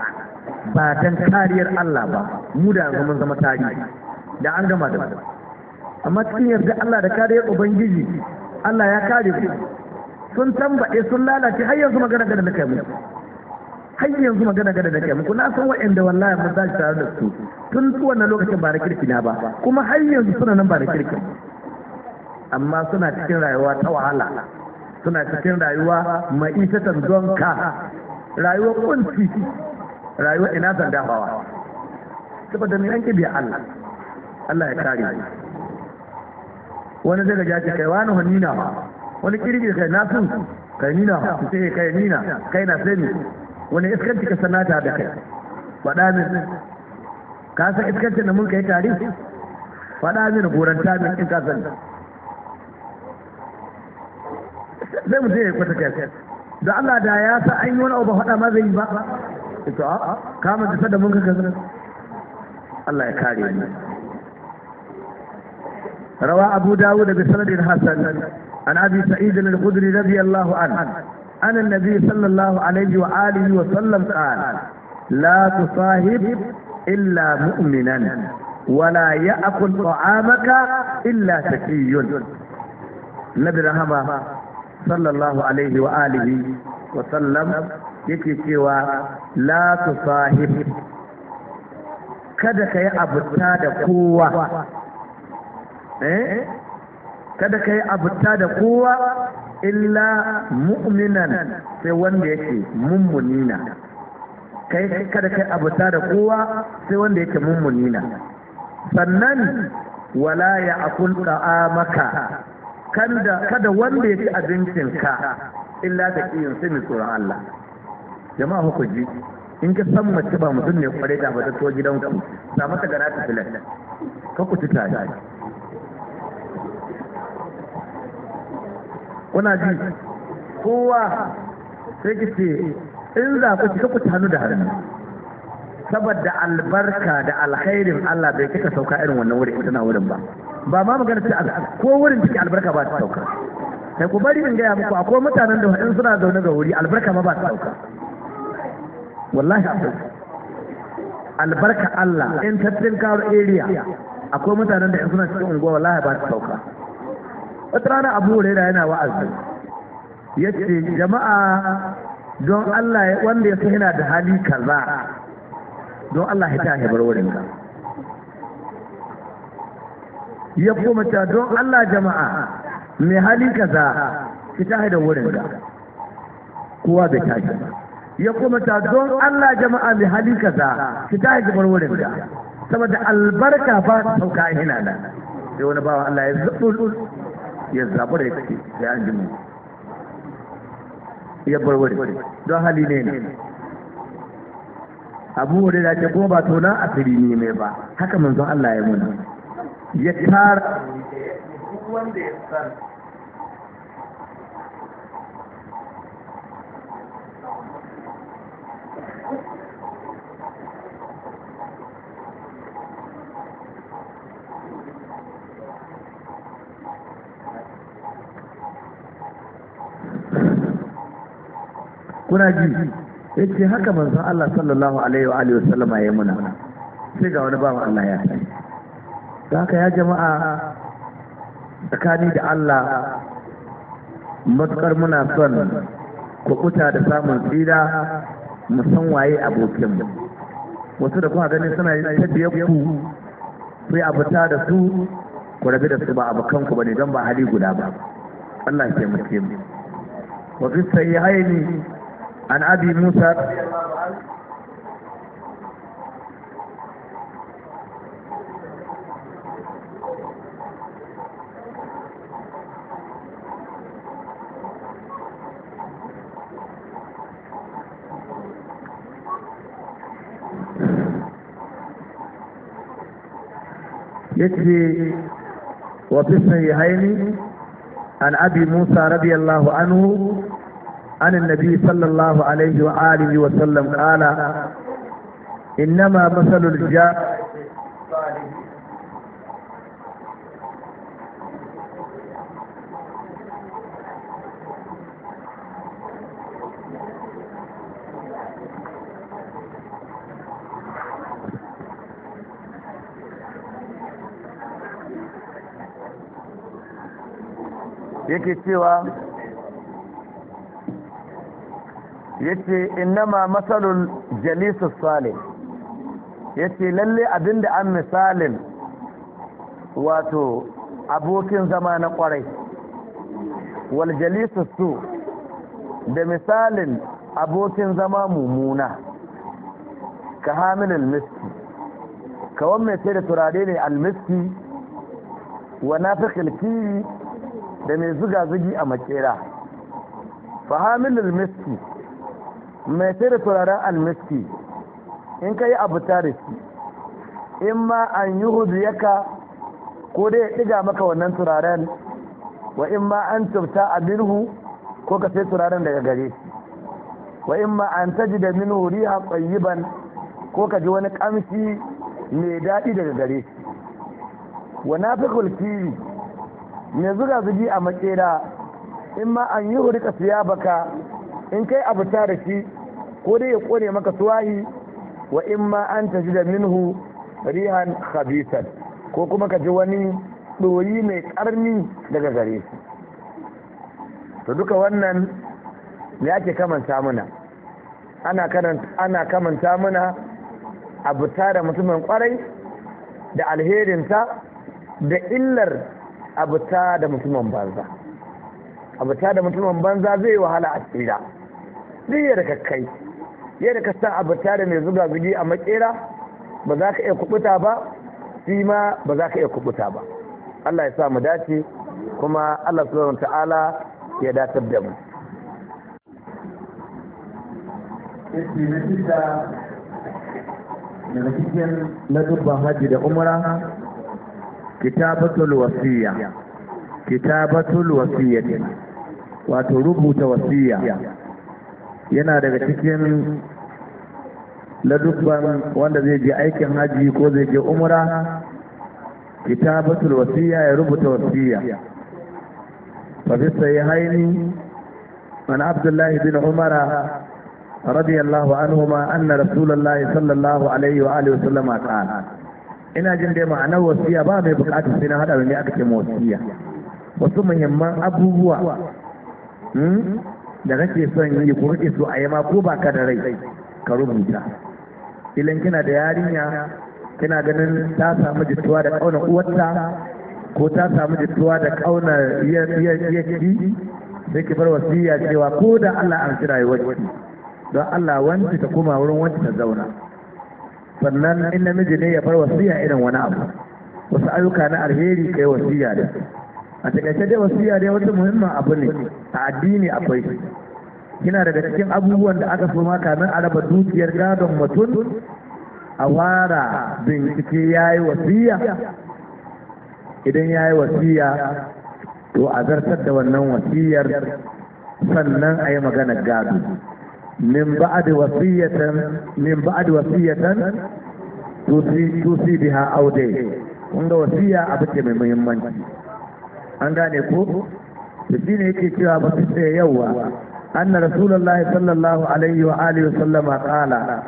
ba dan kariyar Allah ba mu da yanzu mun zama tari da an gama da amma cikin yarda Allah da kariyar ubangiji Allah ya kare ku sun tambaye sun lalace har yanzu magana gada da kai mu har yanzu magana gada da kai mu na san wa'anda wallahi mun tashi tare da su tun wannan lokacin ba da kirki na ba kuma har yanzu suna nan ba da kirki amma suna cikin rayuwa ta wahala suna cikin rayuwa ita don ka rayuwar kunci Rayuwa ina zan dafawa saboda mai an biya Allah Allah ya kare wani zai gaja ce kai wani hannina na wani kirgi kai na sun kai nina su ce kai nina kai na sai ne wani iskanci ka sanata da kai faɗa min ka san iskancin da mun kai tare faɗa min goranta min in ka sani sai mutum ya kwata da Allah da ya sa an yi wani abu faɗa ma zai yi ba ita a kama ta sada mun kaka zira Allah ya kare ni rawa Abu Dawud daga sanadin Hassan an Abi Sa'id al-Khudri radiyallahu anhu أن النبي صلى الله عليه وآله وسلم قال لا تصاحب إلا مؤمنا ولا يأكل طعامك إلا شقي النبي رحمه sallallahu alaihi wa alihi wa sallam yake cewa la tusahib kada kai abuta da kowa eh kada kai abuta da kowa illa mu'minan sai wanda yake mummunina kai kada kai abuta da kowa sai wanda yake mummunina sannan wala ya akul ta'amaka kada wanda ya ci ka illa da kiyin sai mai tsoron Allah jama'a ku ji in ka san mace ba mutum ne kware da ba ta to gidanku sa mata gara ta filan ka ku ci tare kuna ji kowa sai ki ce in za ku ci ka ku tanu da hannu saboda albarka da alkhairin Allah bai kika sauka irin wannan wurin ita na wurin ba ba ma magana ce ko wurin take albarka ba ta sauka sai ku bari in gaya muku akwai mutanen da in suna zaune ga wuri albarka ma ba ta sauka wallahi albarka Allah in tattin karo area akwai mutanen da in suna cikin unguwa wallahi ba ta sauka wata rana abu da yana wa'azi yace jama'a don Allah wanda ya sanya yana da hali kaza don Allah ya ta bar wurin ba ya kuma ta don Allah jama'a mai hali kaza ki ta da wurin ka, kowa bai tashi ba ya kuma ta don Allah jama'a mai hali kaza ki ta da bar wurin ka, saboda albarka ba ta sauka hina nan sai wani bawa Allah ya zaɓi ya zaɓi da ya kake ya an jimu ya bar wurin don hali ne ne abu wurin da ke kuma ba tonan asiri ne mai ba haka manzon Allah ya muna ya tara wanda ya san kuna ji ya ce haka manzon Allah sallallahu alaihi wa sallama ya muna sai ga wani bawan Allah ya tashi da haka ya jama'a tsakani da Allah matukar muna son kukuta da samun tsira mu san waye abokin wasu da kuma gani suna yin tabbiyar ku sai ta da su ku rabi da su ba abokan ku bane don ba hali guda ba Allah ya taimake mu wa ya haini. عن أبي موسى يكفي وفي الصحيحين عن ابي موسى رضي الله عنه عن النبي صلى الله عليه وآله وسلم قال إنما مثل الجار yake cewa yace innama masalul jalisus salih yace lalle abinda an misalin wato abokin zama na kwarai wal jalisus su da misalin abokin zama mumuna ka hamilul miski kawan mai sai da turare ne almiski wa nafiqil kiri da mai zuga zugi a makera fa hamilul miski mai sai da turaren almiski in ka yi abu tare in ma an yi ka ko dai ya ɗiga maka wannan turaren wa in ma an tubta a birhu ko ka sai turaren daga gare shi wa in ma an taji da minhu riha ban ko ka ji wani ƙamshi mai daɗi daga gare shi wa na fi kulkiri mai zuga zugi a makera in ma an yi ka siya baka in kai abu tare shi ko dai ya kone maka suwahi wa in ma an taji da minhu rihan khabisan ko kuma ka ji wani ɗoyi mai ƙarni daga gare shi to duka wannan ne ake kamanta muna ana kamanta muna abuta da mutumin kwarai da alherinta da illar abuta da mutumin banza abuta da mutumin banza zai wahala a tsira zai da kakkai yadda ka sa abu tare mai zuga zugi a makera ba za ka iya kubuta ba shi ma ba za ka iya kubuta ba Allah ya sa mu dace kuma Allah subhanahu ta'ala ya datar da mu na daga cikin ladubban hajji da umra kitabatul wasiya kitabatul wasiyati wato rubuta wasiya yana daga cikin ladubban wanda zai je aikin haji ko zai je umra batul wasiya ya rubuta wasiya fafisa fi haini wani abdullahi bin umara ma الله عنهما Rasulallah رسول الله صلى alaihi عليه وآله وسلم قال ina jin dai ma'ana wasiya ba mai bukatar sai na hada ne aka ce wasiya wasu muhimman abubuwa hmm? da kake son yi ko kake so a yi ma ko ba ka da rai ka rubuta idan kina da yarinya kina ganin ta samu jituwa da ƙaunar uwarta ko ta samu jituwa da ƙaunar ki sai ki bar wasiya cewa ko da Allah an kira yawanci don Allah wanda ta koma wurin wanda ta zauna sannan in namiji ne ya bar wasiya irin wani abu wasu ayyuka na alheri kai wasiya da a takaice dai wasiya dai wata muhimmin abu ne a addini akwai Kina daga cikin abubuwan da aka so ma kamin a raba dukiyar gadon mutum a wara bincike ya yi wasiya idan ya yi wasiya to a zartar da wannan wasiyar sannan a yi maganar gado min ba'ad wasiyatan min ba'ad wasiyatan biha aude kun ga wasiya abu mai muhimmanci an gane ko da shi ne yake cewa ba su ce yauwa anna rasulullahi sallallahu alaihi wa alihi wa sallama qala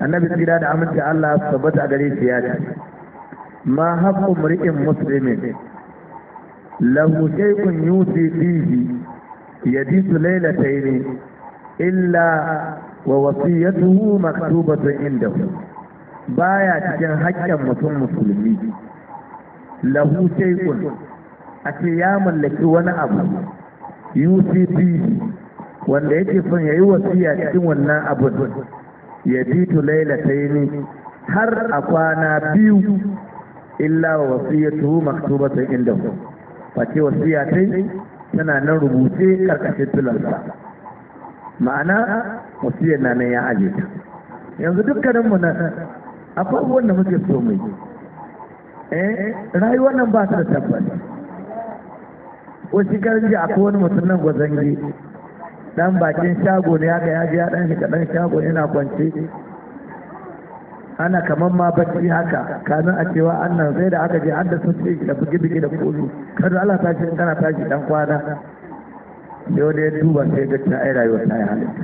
annabi tsira da amince Allah tabbata gare shi ya ce ma haqqu mri'in muslimin lahu shay'un yusi fihi yadisu laylatayn illa wa wasiyatuhu maktubatun indahu baya cikin haƙƙin mutum musulmi lahu shay'un a ce ya mallaki wani abu ucp wanda yake son ya yi wasiya cikin wannan abu ya bi tu yi har a kwana biyu illa wa wasiyatu maktubatan indahu face wasiya yi tana nan rubuce karkashin tulansa ma'ana wasiyar na nan ya aje ta yanzu dukkanin mu akwai wanda muke so mai eh rayuwar nan ba ta da tabbata wasu garji a akwai wani mutum nan gwazange dan bakin shago ne haka ya ji ya dan shiga dan shago yana kwance ana kamar ma bacci haka kamin a cewa annan sai da aka je an da sun ce da bugi bugi da kolu kada Allah ta ce kana tashi dan kwana sai wani ya duba sai ga ta ai rayuwa ta yi halitta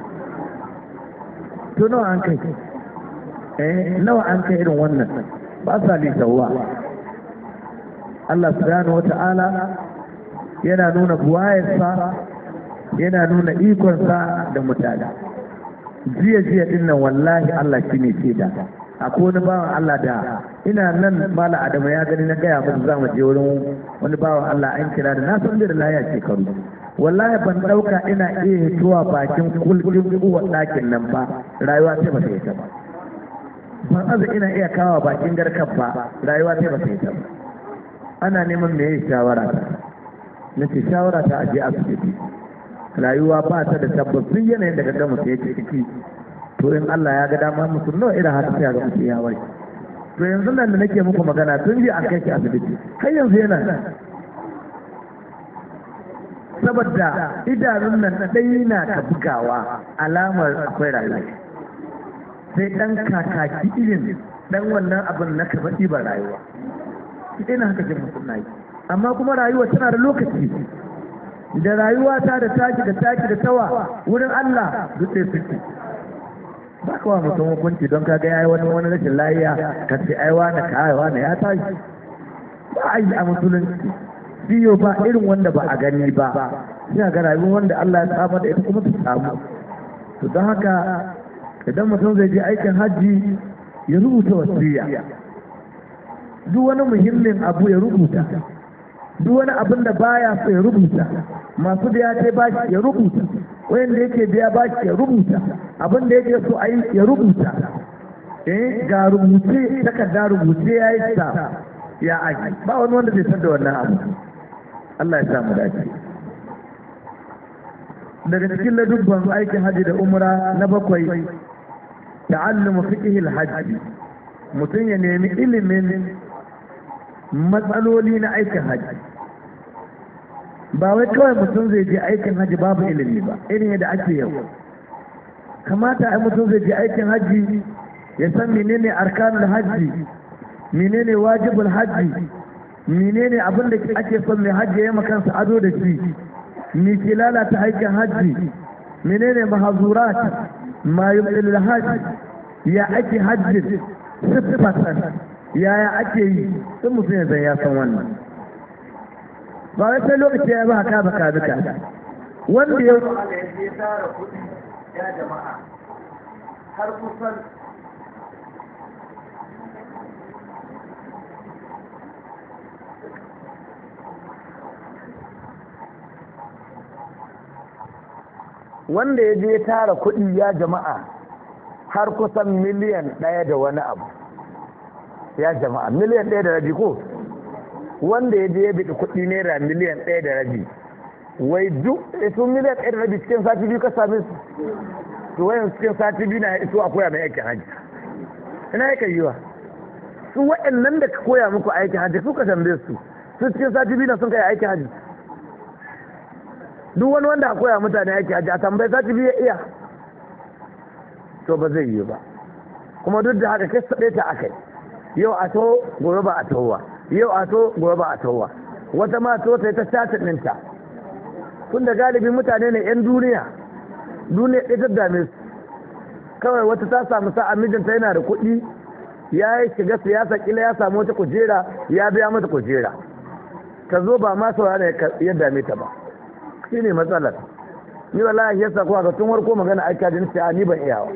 to nawa an kai eh nawa an kai irin wannan ba sa lisawa Allah subhanahu ta'ala. yana nuna buwayarsa yana nuna ikonsa da mutane jiya jiya din nan wallahi Allah shi ne da akwai wani bawan Allah da ina nan mala adama ya gani na gaya musu za mu je wurin wani bawan Allah an kira da na san da laya shekaru wallahi ban dauka ina iya hituwa bakin kulkin uwar ɗakin nan ba rayuwa ba ta yi ta ba ban aza ina iya kawo bakin garkar ba rayuwa ba ta yi ta ba ana neman me ya shawara ta na ce shawara ta aje asibiti rayuwa ba ta da tabbacin yanayin da kaga mutum yake ciki to in Allah ya ga dama mutum nawa irin haka sai ga mutum ya wai to yanzu nan da nake muku magana tun bi an kai ki asibiti har yanzu yana saboda idanun nan ɗaya na ta bugawa alamar akwai rayuwa sai ɗan kakaki irin ɗan wannan abin na karɓar ɗiban rayuwa ina haka jin mutum na yi amma kuma rayuwa tana da lokaci da rayuwa ta da taki da taki da tawa wurin Allah duk sai suke ba kawa mutum hukunci don kaga yayi wani wani rashin lafiya ka ce ai wani ka ai wani ya tashi ba a yi a musulunci biyo ba irin wanda ba a gani ba sai ga rayuwar wanda Allah ya samu da ita kuma ta samu to don haka idan mutum zai je aikin hajji ya rubuta wasiya duk wani muhimmin abu ya rubuta duk wani abin da baya so ya rubuta masu biya ba bashi ya rubuta da yake biya bashi ya rubuta abin da yake so a ya rubuta eh ga rubuce takarda rubuce ya yi ta ya aji ba wani wanda zai da wannan abu Allah ya samu dace daga cikin ladubban aikin haji da umra na bakwai ta'allumu fiqh al hajji mutum ya nemi ilimin matsaloli na aikin haji ba wai kawai mutum zai je aikin haji babu ilimi ba irin yadda ake yau kamata a mutum zai je aikin haji ya san menene arkanul haji menene wajibul haji menene abin da ake son mai haji ya makansa ado da shi me ke lalata aikin haji menene mahazurat mayu ilil haji ya ake hajji sifatan yaya ake yi sun mutum ya zan ya san wannan ba wai sai lokaci ya ba ka baka duka wanda ya tara kuɗi ya jama'a har kusan wanda ya je tara kudi ya jama'a har kusan miliyan daya da wani abu ya jama'a miliyan daya da rabi ko wanda ya je ya biɗi kuɗi naira miliyan ɗaya da rabi wai duk isu eh, miliyan ɗaya da rabi cikin sati biyu ka sami su to wayan cikin sati biyu na iso a koya mai aikin hajji ina yake yiwa su nan da ka koya muku aikin hajji su ka tambaye su su cikin sati biyu na sun kai aikin hajji duk wani wanda a koya mutane aikin hajji a tambaye sati biyu ya iya to ba zai yi ba kuma duk da haka kai saɗe ta akai yau a to gobe ba a ba yau a to gobe ba a towa wata ma to ta ta tace ɗinta tun da galibin mutane ne 'yan duniya duniya ita da su kawai wata ta samu sa'a mijinta yana da kuɗi ya yi shiga siyasa kila ya samu wata kujera ya biya mata kujera ta zo ba ma saurara ya dame ta ba shi ne matsalar ni wala ya sa kuwa tun warko magana aika da ni ban iyawa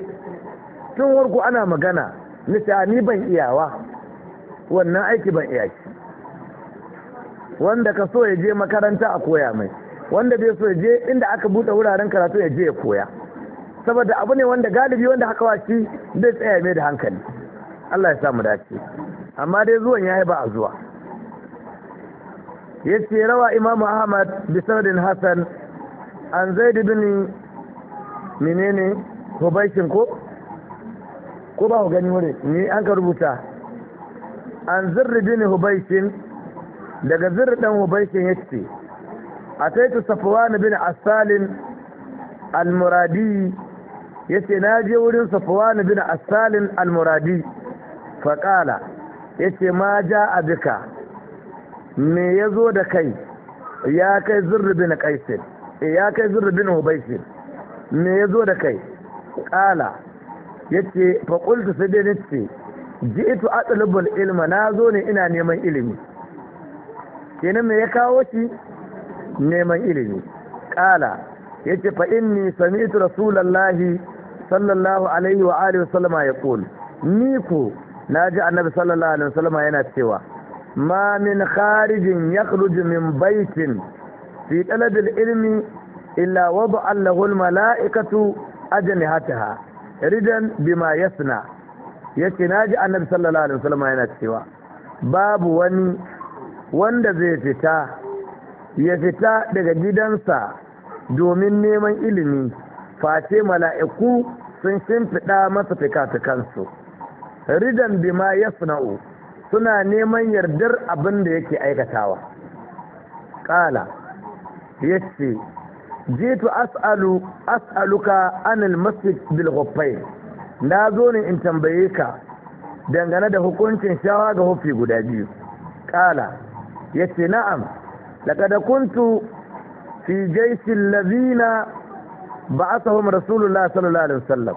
tun warko ana magana ni ni ban iyawa wannan aiki ban iya shi wanda ka so ya je makaranta a koya mai wanda bai so ya je inda aka buɗe wuraren karatu ya je ya koya saboda abu ne wanda galibi wanda haka washi zai tsaya mai da hankali Allah ya samu dace amma dai zuwan yayi ba a zuwa yace rawa Imam Ahmad bi sanadin Hasan an Zaid ibn menene ko ko ba ku gani wurin ni an ka rubuta an zirri bini hubaisin daga zirri ɗan a hubaisin yace ataitu safwan bini asalin almuradi Ya ce na je wurin safwan bini asalin almuradi faƙala ya ce ma ja a bika me ya zo da kai ya kai zirri bin E ya kai zirri bini hubaisin me ya zo da kai Ƙala, ya ce faƙulta sai dai ce. Ji ji'tu atlubul ilma na zo ne ina neman ilimi kenan mai ya kawo shi neman ilimi Ƙala, kala yace fa inni sami'tu rasulullahi sallallahu alaihi wa alihi ya yaqul ni ku. Na ji annabi sallallahu alaihi wa wasallama yana cewa ma min kharijin yakhruju min baitin fi talab ilimi illa wada'a lahu al mala'ikatu ajnihataha ridan bima yasna' Ya ce na ji annabi sallallahu alaihi wasallam yana cewa babu wani wanda zai fita ya fita daga gidansa domin neman ilimi face mala'iku sun shimfiɗa masa fika kansu. ridan bima ya suna'u suna neman yardar abin da yake aikatawa ƙala ya ce jitu as'aluka anil masjid bil na zo ne in tambaye ka dangane da hukuncin shawa ga hufi guda biyu Ƙala, ya ce na'am laƙada kuntu fi jaisin lazina ba a sahun rasulullah sallallahu alaihi wasallam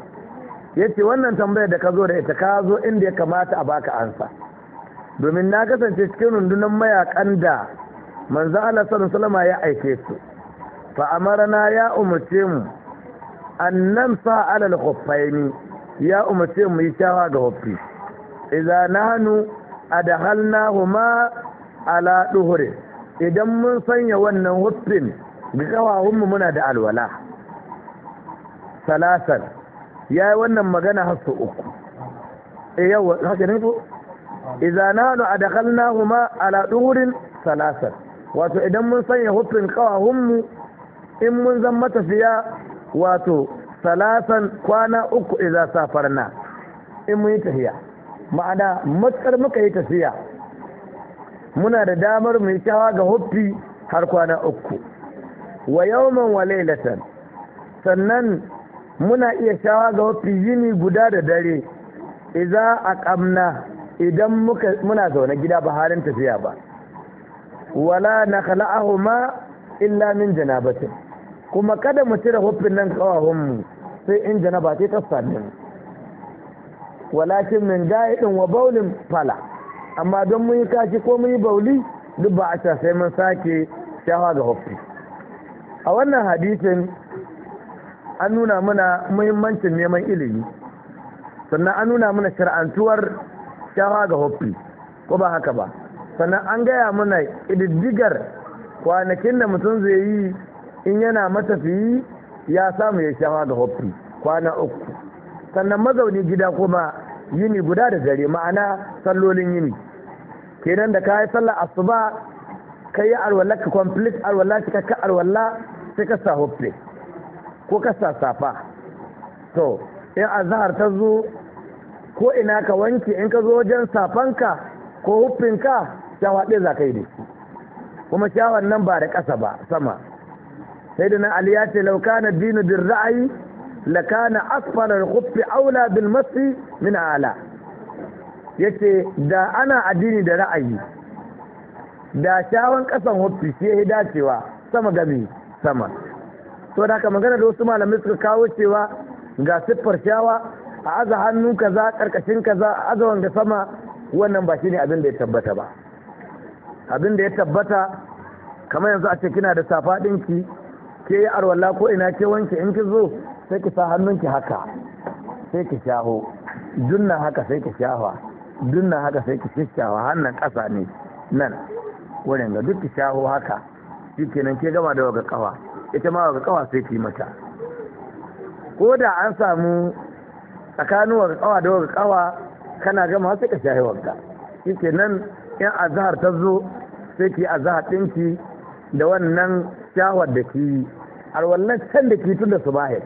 ya ce wannan tambayar da ka zo da ita ka zo inda ya kamata a baka ansa domin na kasance cikin rundunar mayakan da manzan Allah sallallahu alaihi ya aike su fa na ya umarce mu annan sa alal khuffaini ya umarce mu yi shawa ga huffi idza nahnu adhalnahuma ala duhuri idan mun sanya wannan huffin ga kawahunmu muna da alwala salasan ya yi wannan magana hasu uku e eh, yawa haka ne ko halna nahnu adhalnahuma ala duhurin salasan wato idan mun sanya huffin kawahunmu in mun zan matafiya wato salasan kwana uku idan na in mun yi tafiya ma'ana matsar muka yi tafiya muna da damar mu yi kyawa ga huffi har kwana uku wa yawman wa lailatan sannan muna iya shawa ga huffi yini guda da dare idan aqamna idan muka muna zaune gida ba halin tafiya ba wala nakhla'ahuma illa min janabatin kuma kada mu cire huffin nan mu sai in janaba ba ta same mu walakin min ga'idin wa baulin fala amma don mun yi kashi ko mun yi bauli duk ba a sai mun sake shawa ga huffi a wannan hadisin an nuna mana muhimmancin neman ilimi sannan an nuna mana shar'antuwar shawa ga huffi ko ba haka ba sannan an gaya mana ididdigar kwanakin da mutum zai yi in yana matafiyi ya samu ya shama ga hoppi kwana uku sannan mazauni gida kuma yini guda da dare ma'ana sallolin yini kenan da ka yi sallar asuba ka yi alwala ka complete alwala ka ka alwala sai ka sa hoppi ko ka sa safa to in azhar ta zo ko ina ka wanke in ka zo wajen safanka ko huffinka shawaɗe za ka yi da shi kuma shawar nan ba da ƙasa ba sama sayyidina ali ya ce law kana dinu bir ra'ayi la kana asfala al-khuffi aula bil min ala yace da ana addini da ra'ayi da shawon kasan huffi shi ya dacewa sama gami sama to da haka magana da wasu malamai suka kawo cewa ga siffar shawa a aza hannu kaza karkashin kaza a aza wanga sama wannan ba shine abin da ya tabbata ba abin da ya tabbata kamar yanzu a ce kina da safa ɗinki ke yi arwalla ko ina ke wanke in ki zo sai ki sa hannunki haka sai ki shaho dunna haka sai ki shahwa dunna haka sai ki shishawa hannun ƙasa ne nan wurin ga duk ki shaho haka shi kenan ke gama da waga kawa ita ma waga kawa sai ki mata ko da an samu tsakanin waga kawa da waga kawa kana gama sai ka shahi waga shi kenan in azahar ta zo sai ki azahar ɗinki da wannan shawar da ke yi wannan can da ke tun da su bahir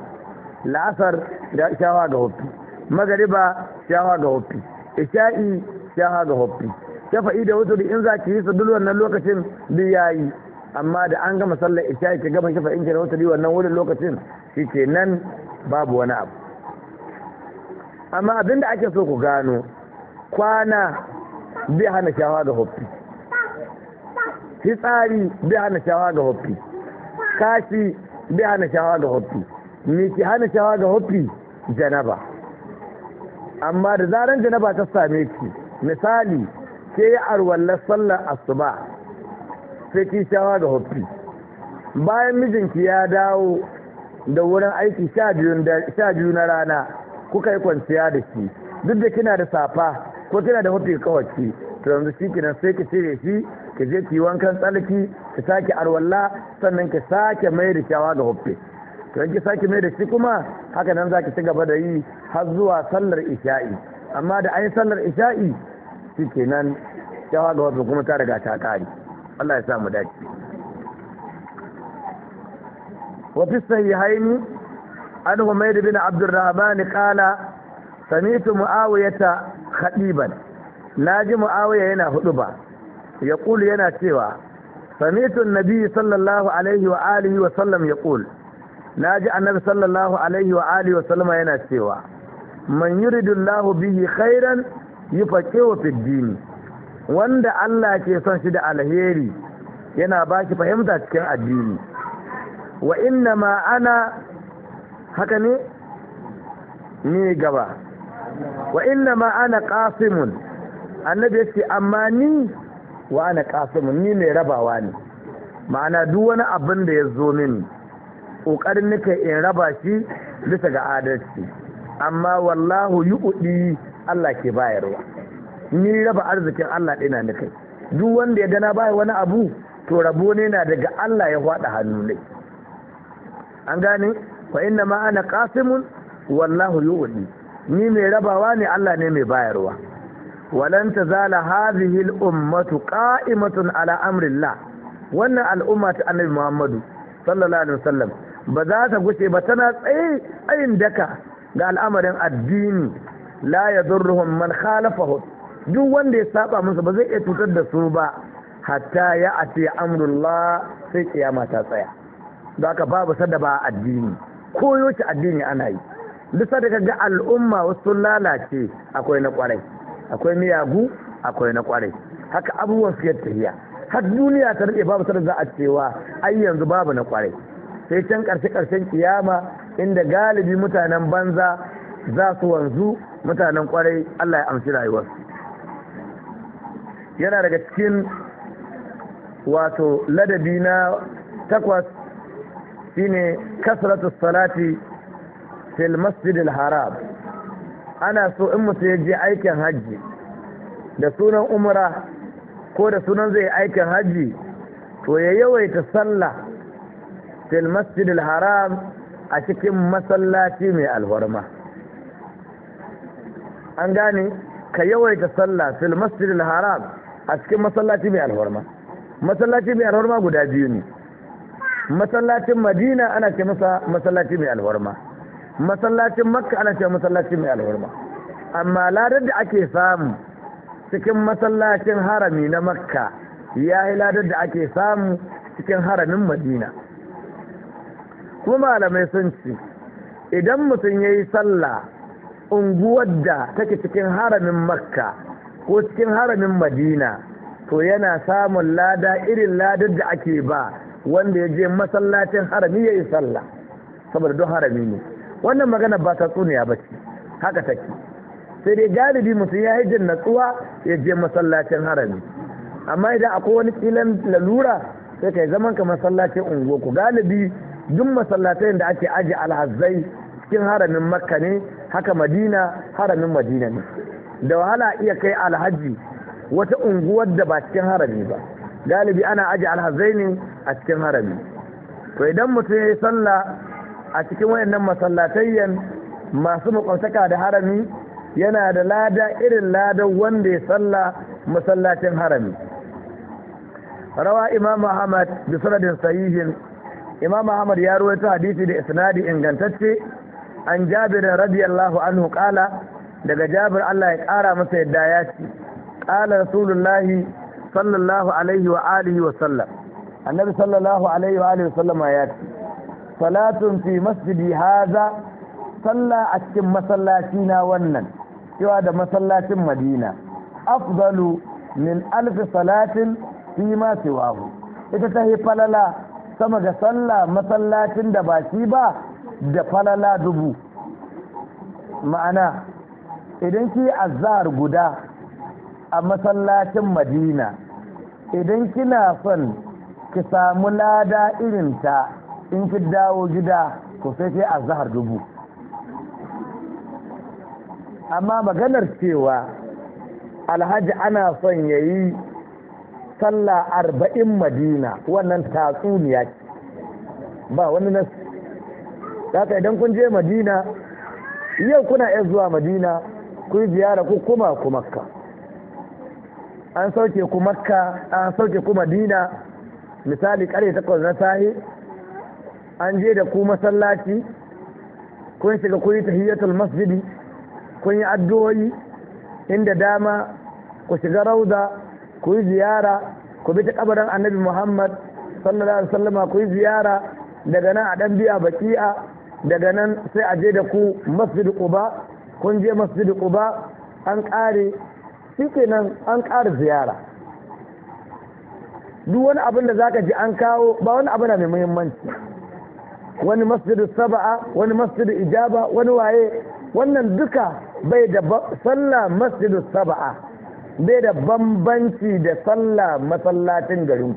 la'asar da shawa ga hoppi magariba shawa ga hoppi isha'i shawa ga hoppi shafa'i da wutur in za ki yi su dul wannan lokacin duk yi amma da an gama sallar isha'i ki gama shafa'in ki da wuturi wannan wurin lokacin shi ke nan babu wani abu amma abin da ake so ku gano kwana bai hana shawa ga hoppi fitsari bai hana shawa ga hoppi kashi bi hana shawa ga hoppi me ke hana shawa ga hoppi janaba amma da zaran janaba ta same ki misali ke yi arwallar sallar asuba sai ki shawa ga hoppi bayan mijinki ya dawo da wurin aiki sha biyu na rana kuka yi kwanciya da shi duk da kina da safa ko kina da kawai ki to yanzu shi kenan sai ki cire shi ka je ki wankan tsalki ka sake arwalla sannan ka sake mai da shawa ga hoppe to yanki sake mai da shi kuma haka nan za zaki ci gaba da yi har zuwa sallar isha'i amma da an yi sallar isha'i shi kenan shawa ga hoppe kuma ta riga ta kare Allah ya sa mu dace wa fi sahihaini an humayd bin abdurrahman qala sami'tu muawiyata khatiban na ji mu'awiya yana hudu ba ya kulu yana cewa samitun nabi sallallahu alaihi wa alihi wa sallam ya kul na ji annabi sallallahu alaihi wa alihi wa sallam yana cewa man yuridullahu bihi khairan yufaqihu fid din wanda Allah ke son shi da alheri yana ba shi fahimta cikin addini wa inna ma ana haka ne ni gaba wa inna ma ana qasimun annabi ya ce amma ni wa ana kasimu ni mai rabawa ne ma'ana duk wani abin da ya zo mini ƙoƙarin nika in raba shi bisa ga adalci amma wallahu yi kuɗi Allah ke bayarwa ni raba arzikin Allah ɗina na kai duk wanda ya gana baya wani abu to rabo ne na daga Allah ya faɗa hannu ne an gane fa inna ma ana kasimun wallahu yu'di ni mai rabawa ne Allah ne mai bayarwa walan tazala hadhihi al-ummatu qa'imatun ala amrillah wannan al'umma ta annabi Muhammadu sallallahu alaihi wasallam ba za ta guce ba tana tsaye ayin daka ga al'amarin addini la yadurruhum man khalafahu duk wanda ya saba musu ba zai iya cutar da su ba hatta ya ati Allah sai kiyama ta tsaya don haka babu sadda ba addini koyo shi addini ana yi duk sadaka ga al'umma wasu lalace akwai na kwarai akwai miyagu akwai na kwarai haka abubuwan su tafiya har duniya ta rike babu sanar za a cewa ai yanzu babu na kwarai sai can karshe karshen kiyama inda galibi mutanen banza za su wanzu mutanen kwarai Allah ya amshi rayuwar yana daga cikin wato ladabi na takwas shine kasratu salati fil masjidil haram ana so in mutum ya je aikin hajji da sunan umra ko da sunan zai aikin hajji to ya yawaita sallah fil masjidil haram a cikin masallaci mai alfarma an gane ka yawaita sallah fil masjidil haram a cikin masallaci mai alfarma masallaci mai alfarma guda biyu ne masallacin madina ana ce masa masallaci mai alfarma masallacin makka ana ce masallaci mai alhurma amma ladar da ake samu cikin masallacin harami na makka ya yi ladar da ake samu cikin haramin madina kuma malamai sun ce idan mutum ya yi sallah unguwar da take cikin haramin makka ko cikin haramin madina to yana samun lada irin ladar da ake ba wanda ya je masallacin harami ya yi sallah saboda don harami ne wannan magana ba ta tsuniya ba ce haka take sai dai galibi mutum ya yi jin natsuwa ya je masallacin harami amma idan akwai wani filan lalura sai kai zaman ka masallacin unguwa galibi duk masallacin da ake aji alhazai cikin haramin makka ne haka madina haramin madina ne da wahala iya kai alhaji wata unguwar da ba cikin harami ba galibi ana aji alhazai ne a cikin harami to idan mutum ya yi sallah a cikin wayannan masallatayyan masu makwamtaka da harami yana da lada irin ladan wanda ya salla masallacin harami rawa imam Muhammad bi sanadin sahihin imam Muhammad ya ruwaito hadisi da isnadi ingantacce an jabir radiyallahu anhu qala daga jabir Allah ya kara masa yadda ya ci qala rasulullahi sallallahu alaihi wa alihi wa sallam annabi sallallahu alaihi wa alihi wa sallama ya ce salatun fi masjidi haza salla a cikin masallaci na wannan cewa da masallacin madina afdalu min alfi salatin fi ma siwahu ita ta yi falala sama ga sallah masallacin da ba shi ba da falala dubu ma'ana idan ki azhar guda a masallacin madina idan kina son ki samu lada irin ta. in fi dawo gida ko sai a zahar dubu amma maganar cewa alhaji ana son ya yi sallah arba'in madina wannan tatsuniya ce ba wani nasu haka idan kun je madina yau kuna iya zuwa madina ku yi ziyara ku kuma ku makka an sauke ku makka an sauke ku madina misali kare takwas na sahi an je da ku masallaci kun shiga kun yi tahiyyatul masjidi kun yi addu'o'i inda dama ku shiga rauda ku yi ziyara ku bi ta kabarin annabi muhammad sallallahu alaihi wasallama ku yi ziyara daga nan a dan biya baki'a daga nan sai a je da ku masjid quba kun je masjid quba an kare nan an kare ziyara duk wani abin da zaka ji an kawo ba wani abu na mai muhimmanci wani masjidin saba'a wani masjidin ijaba wani waye wannan duka bai da sallah masjidin saba'a bai da bambanci da sallah masallacin garin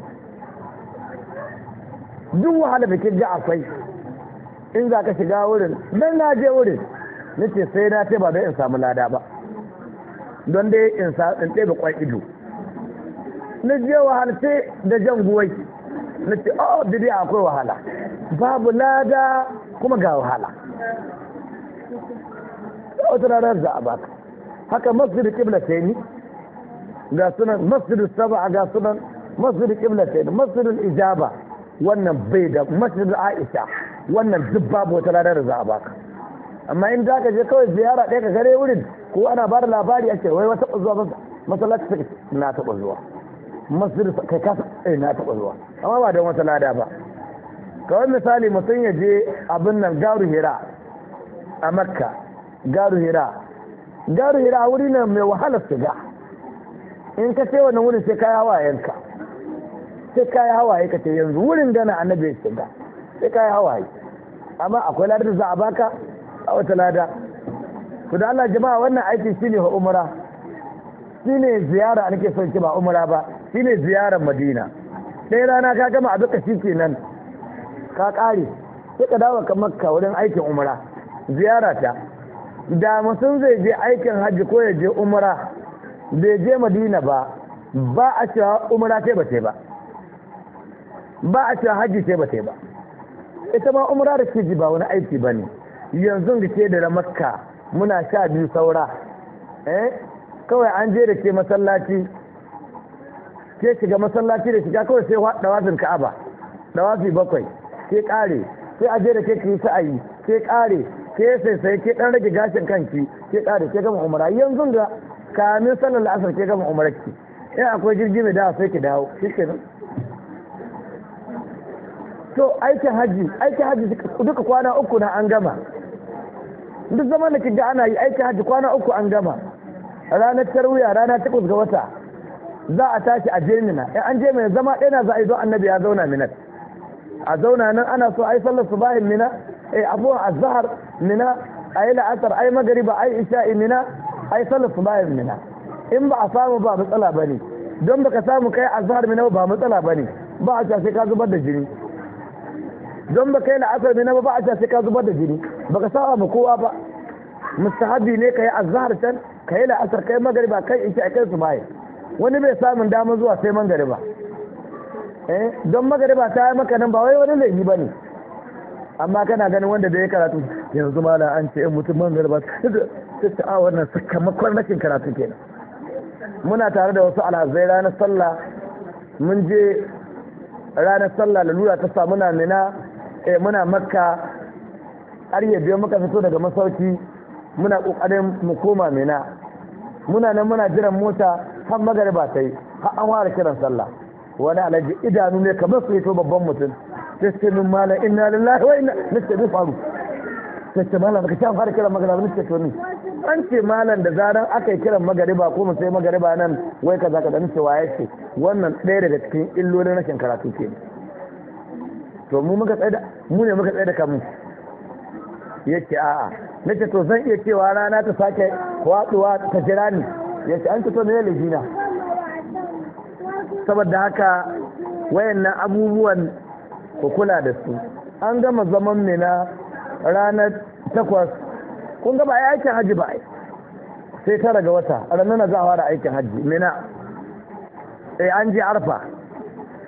duk wahala da ga akwai in za ka shiga wurin don na je wurin na ce sai na ce ba don in samu lada ba don dai in ɗaya kwan ido na je wahalce da jan guwai na ce oh didi akwai wahala babu lada kuma ga wahala wata rana za a baka haka masjidin ƙibla ta ni ga sunan masjidin saba ga sunan masjidin ƙibla ta ni masjidin ijaba wannan bai da masjidin aisha wannan duk babu wata rana da za a baka amma in za ka je kawai ziyara ɗaya ka gare wurin ko ana ba da labari ake wai wata zuwa masallaci na taɓa zuwa masjidin kai kasa eh, na taɓa zuwa amma ba don wata lada ba kawai misali mutum ya je abin nan garu hira a makka garu hira garu hira wuri ne mai wahalar shiga in ka ce wani wurin sai kaya hawayenka sai kaya hawaye ka ce yanzu wurin gana annabi ya shiga sai kaya hawaye amma akwai ladar za a baka a wata lada ku da Allah jama'a wannan aiki shine wa umra shine ziyara nake son ki ba umra ba shine ziyarar madina ɗaya rana ka gama a duka shi kenan ka ƙari sai ka dawo ka makka wurin aikin umra ziyara ta da mutum zai je aikin hajji ko ya je umra bai je madina ba ba a cewa umra ce ba ce ba ba a cewa hajji ce ba ce ba ita ma umra da ke ji ba wani aiki ba ne yanzu da ke da makka muna sha biyu saura eh kawai an je da ke masallaci ke shiga masallaci da shiga kawai sai dawafin ka'aba dawafi bakwai ke kare sai a je da ke ki sa'ayi ke kare ke sai sai ke dan rage gashin kanki ke kare ke gama umara yanzu ga kamin sallar la'asar ke gama umarki in akwai jirgi mai dawa sai ki dawo shi to aikin hajji aikin haji duka kwana uku na an gama duk zaman da kiga ana yi aikin hajji kwana uku an gama ranar tarwiya rana takwas ga wata za a tashi a jemina in an jemina zama ɗaya na za a yi don annabi ya zauna minat a zauna nan ana so ai sallar subahin mina ai eh, abuwan azhar mina ai la'asar ai magariba ai isha'i mina ai sallar subahin mina in ba a samu ba matsala bane don baka samu kai azhar mina ba matsala bane ba a sai ka zubar da jini don baka yi la'asar mina ba a sai ka zubar da jini baka saba ma kowa ba mustahabi ne kai azhar can kai la'asar kai magariba kai isha'i kai subahin wani bai samun dama zuwa sai mangariba Eh, don magariba ta yi maka nan ba wai wani laifi ba ne amma kana ganin wanda da ya karatu yanzu ma na an ce in mutum magariba ta ta a wannan sakamakon rashin karatu kenan muna tare da wasu alhazai ranar sallah mun je ranar sallah lalura ta sa muna mina eh muna makka har ya muka fito daga masauki muna kokarin mu koma mina muna nan muna jiran mota har magariba ta yi har an fara kiran sallah wani alaji idanu ne kamar su yato babban mutum sai min malam inna lillahi wa inna nake min faru sai malam ka sha fara kiran magana nake to ni an ce malam da zaran aka yi kiran magariba ko mu sai magariba nan wai kaza kaza nake waye ce wannan ɗaya daga cikin illolin rashin karatu ke to mu muka tsaya mu ne muka tsaya da kanmu yace a'a nace to zan iya cewa rana ta sake waduwa ta jira ni yace an ce to me lejina saboda haka wayannan abubuwan ku kula da su an gama zaman na ranar takwas kun gaba ya aikin hajji ba sai tara ga wata ranar za a fara aikin hajji mina sai eh, an je arfa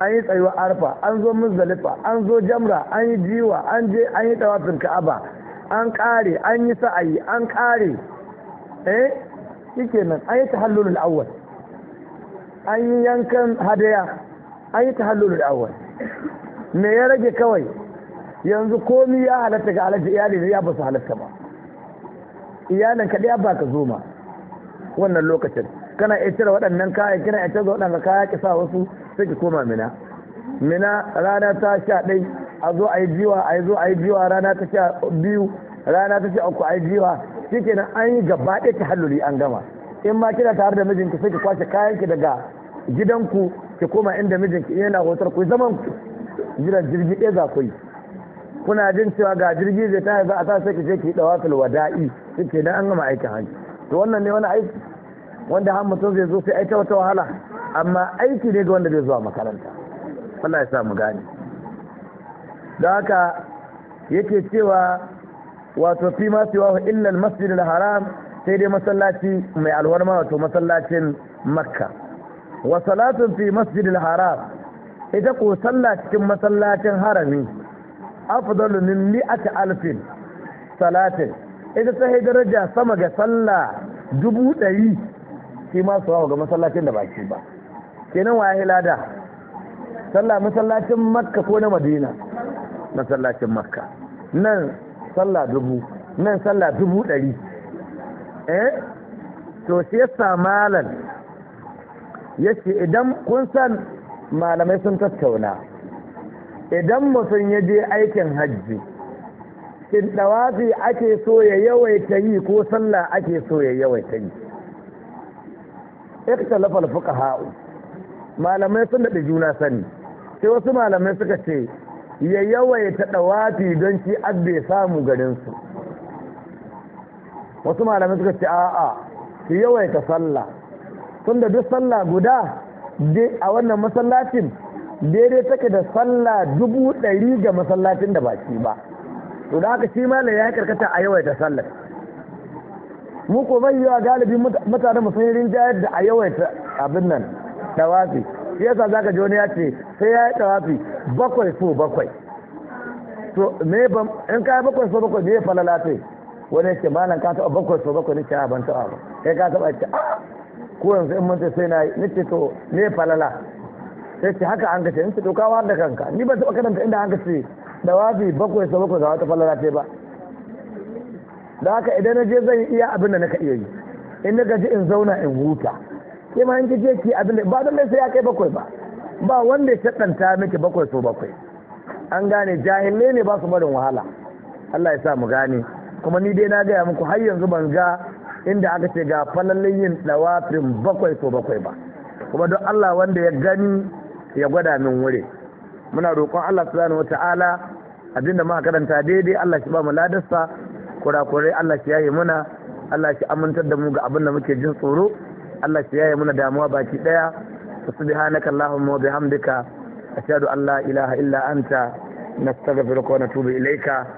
an yi tsayuwar arfa an zo muzdalifa an zo jamra an yi jiwa an je an yi tawafin ka'aba an kare an yi sa'ayi an kare eh shikenan an yi tahallulul awwal an yi yankan hadaya an yi tahallul awwal me ya rage kawai yanzu komi ya halatta ga alaji iyali ne ya ba su halatta ba iyalin ka ba ka zo ma wannan lokacin kana iya cire waɗannan kaya kina iya canza waɗannan kaya ki sa wasu sai ki koma mina mina rana ta sha ɗai a zo a yi jiwa a yi zo a yi jiwa rana ta sha biyu rana ta sha uku a yi jiwa shikenan an yi gaba ɗaya ta an gama in ma kina tare da mijinki sai ki kwashe kayanki daga gidanku ki koma inda mijinki yana hotar ku zaman jiran jirgi ɗaya za ku yi kuna jin cewa ga jirgi zai ta za a sa sai ki je ki dawa fil wada'i kike dan an gama aikin haji to wannan ne wani aiki wanda har mutum zai zo sai aita wata wahala amma aiki ne ga wanda zai zuwa makaranta Allah ya sa mu gane don haka yake cewa wato fi ma siwa illa al-masjid al-haram sai dai masallaci mai alwarma wato masallacin makka wa salatun fi masjidil haram ita ko sallah cikin masallacin harami afdalu min mi'ati alfin salatin ita ta hai daraja sama ga sallah dubu ɗari shi ma su ga masallacin da baki ba kenan wa hilada sallah masallacin makka ko na madina masallacin makka nan sallah dubu nan sallah dubu ɗari eh to shi yasa ya yace idan kun san malamai sun tattauna idan mutum ya je aikin hajji shin dawafi ake so ya yawaita yi ko sallah ake so ya yawaita yi ikhtalafa al-fuqaha malamai sun da juna sani sai wasu malamai suka ce ya yawaita dawafi don shi abbe samu garinsu. su wasu malamai suka ce a'a su yawaita sallah tunda duk sallah guda a wannan masallacin daidai take da sallah dubu ɗari ga masallacin da baki ba to da haka shi malam ya karkata a yawaita sallah mu ko bai yawa galibi mutane mu sun da a yawaita abin nan tawafi, shi yasa zaka ji wani ya ce sai ya yi tawafi bakwai so bakwai to me in ka bakwai so bakwai me falala ce wani ce malam ka taɓa bakwai so bakwai nace a ban taɓa ba kai ka taɓa ce a ko yanzu in mun sai na yi nace to me falala sai ce haka an kace in ce to ka da kanka ni ban taɓa karanta inda an kace da wafi bakwai so bakwai ga wata falala ce ba da haka idan na je zan iya abin da na ka iya yi in na gaji in zauna in huta ke ma in ki je ki abin da ba don sai ya kai bakwai ba ba wanda ya shaɗanta miki bakwai so bakwai an gane jahilai ne ba su barin wahala Allah ya sa mu gane kuma ni dai na gaya muku har yanzu ban ga inda aka ce ga falalin yin dawafin bakwai ko bakwai ba kuma don Allah wanda ya gani ya gwada min wuri muna roƙon Allah subhanahu wata'ala abinda muka karanta daidai Allah shi ba mu ladarsa kurakurai Allah shi yayi muna Allah shi amintar da mu ga abin da muke jin tsoro Allah shi yayi muna damuwa baki daya subhanaka allahumma wa bihamdika ashhadu an la ilaha illa anta nastaghfiruka wa natubu ilayka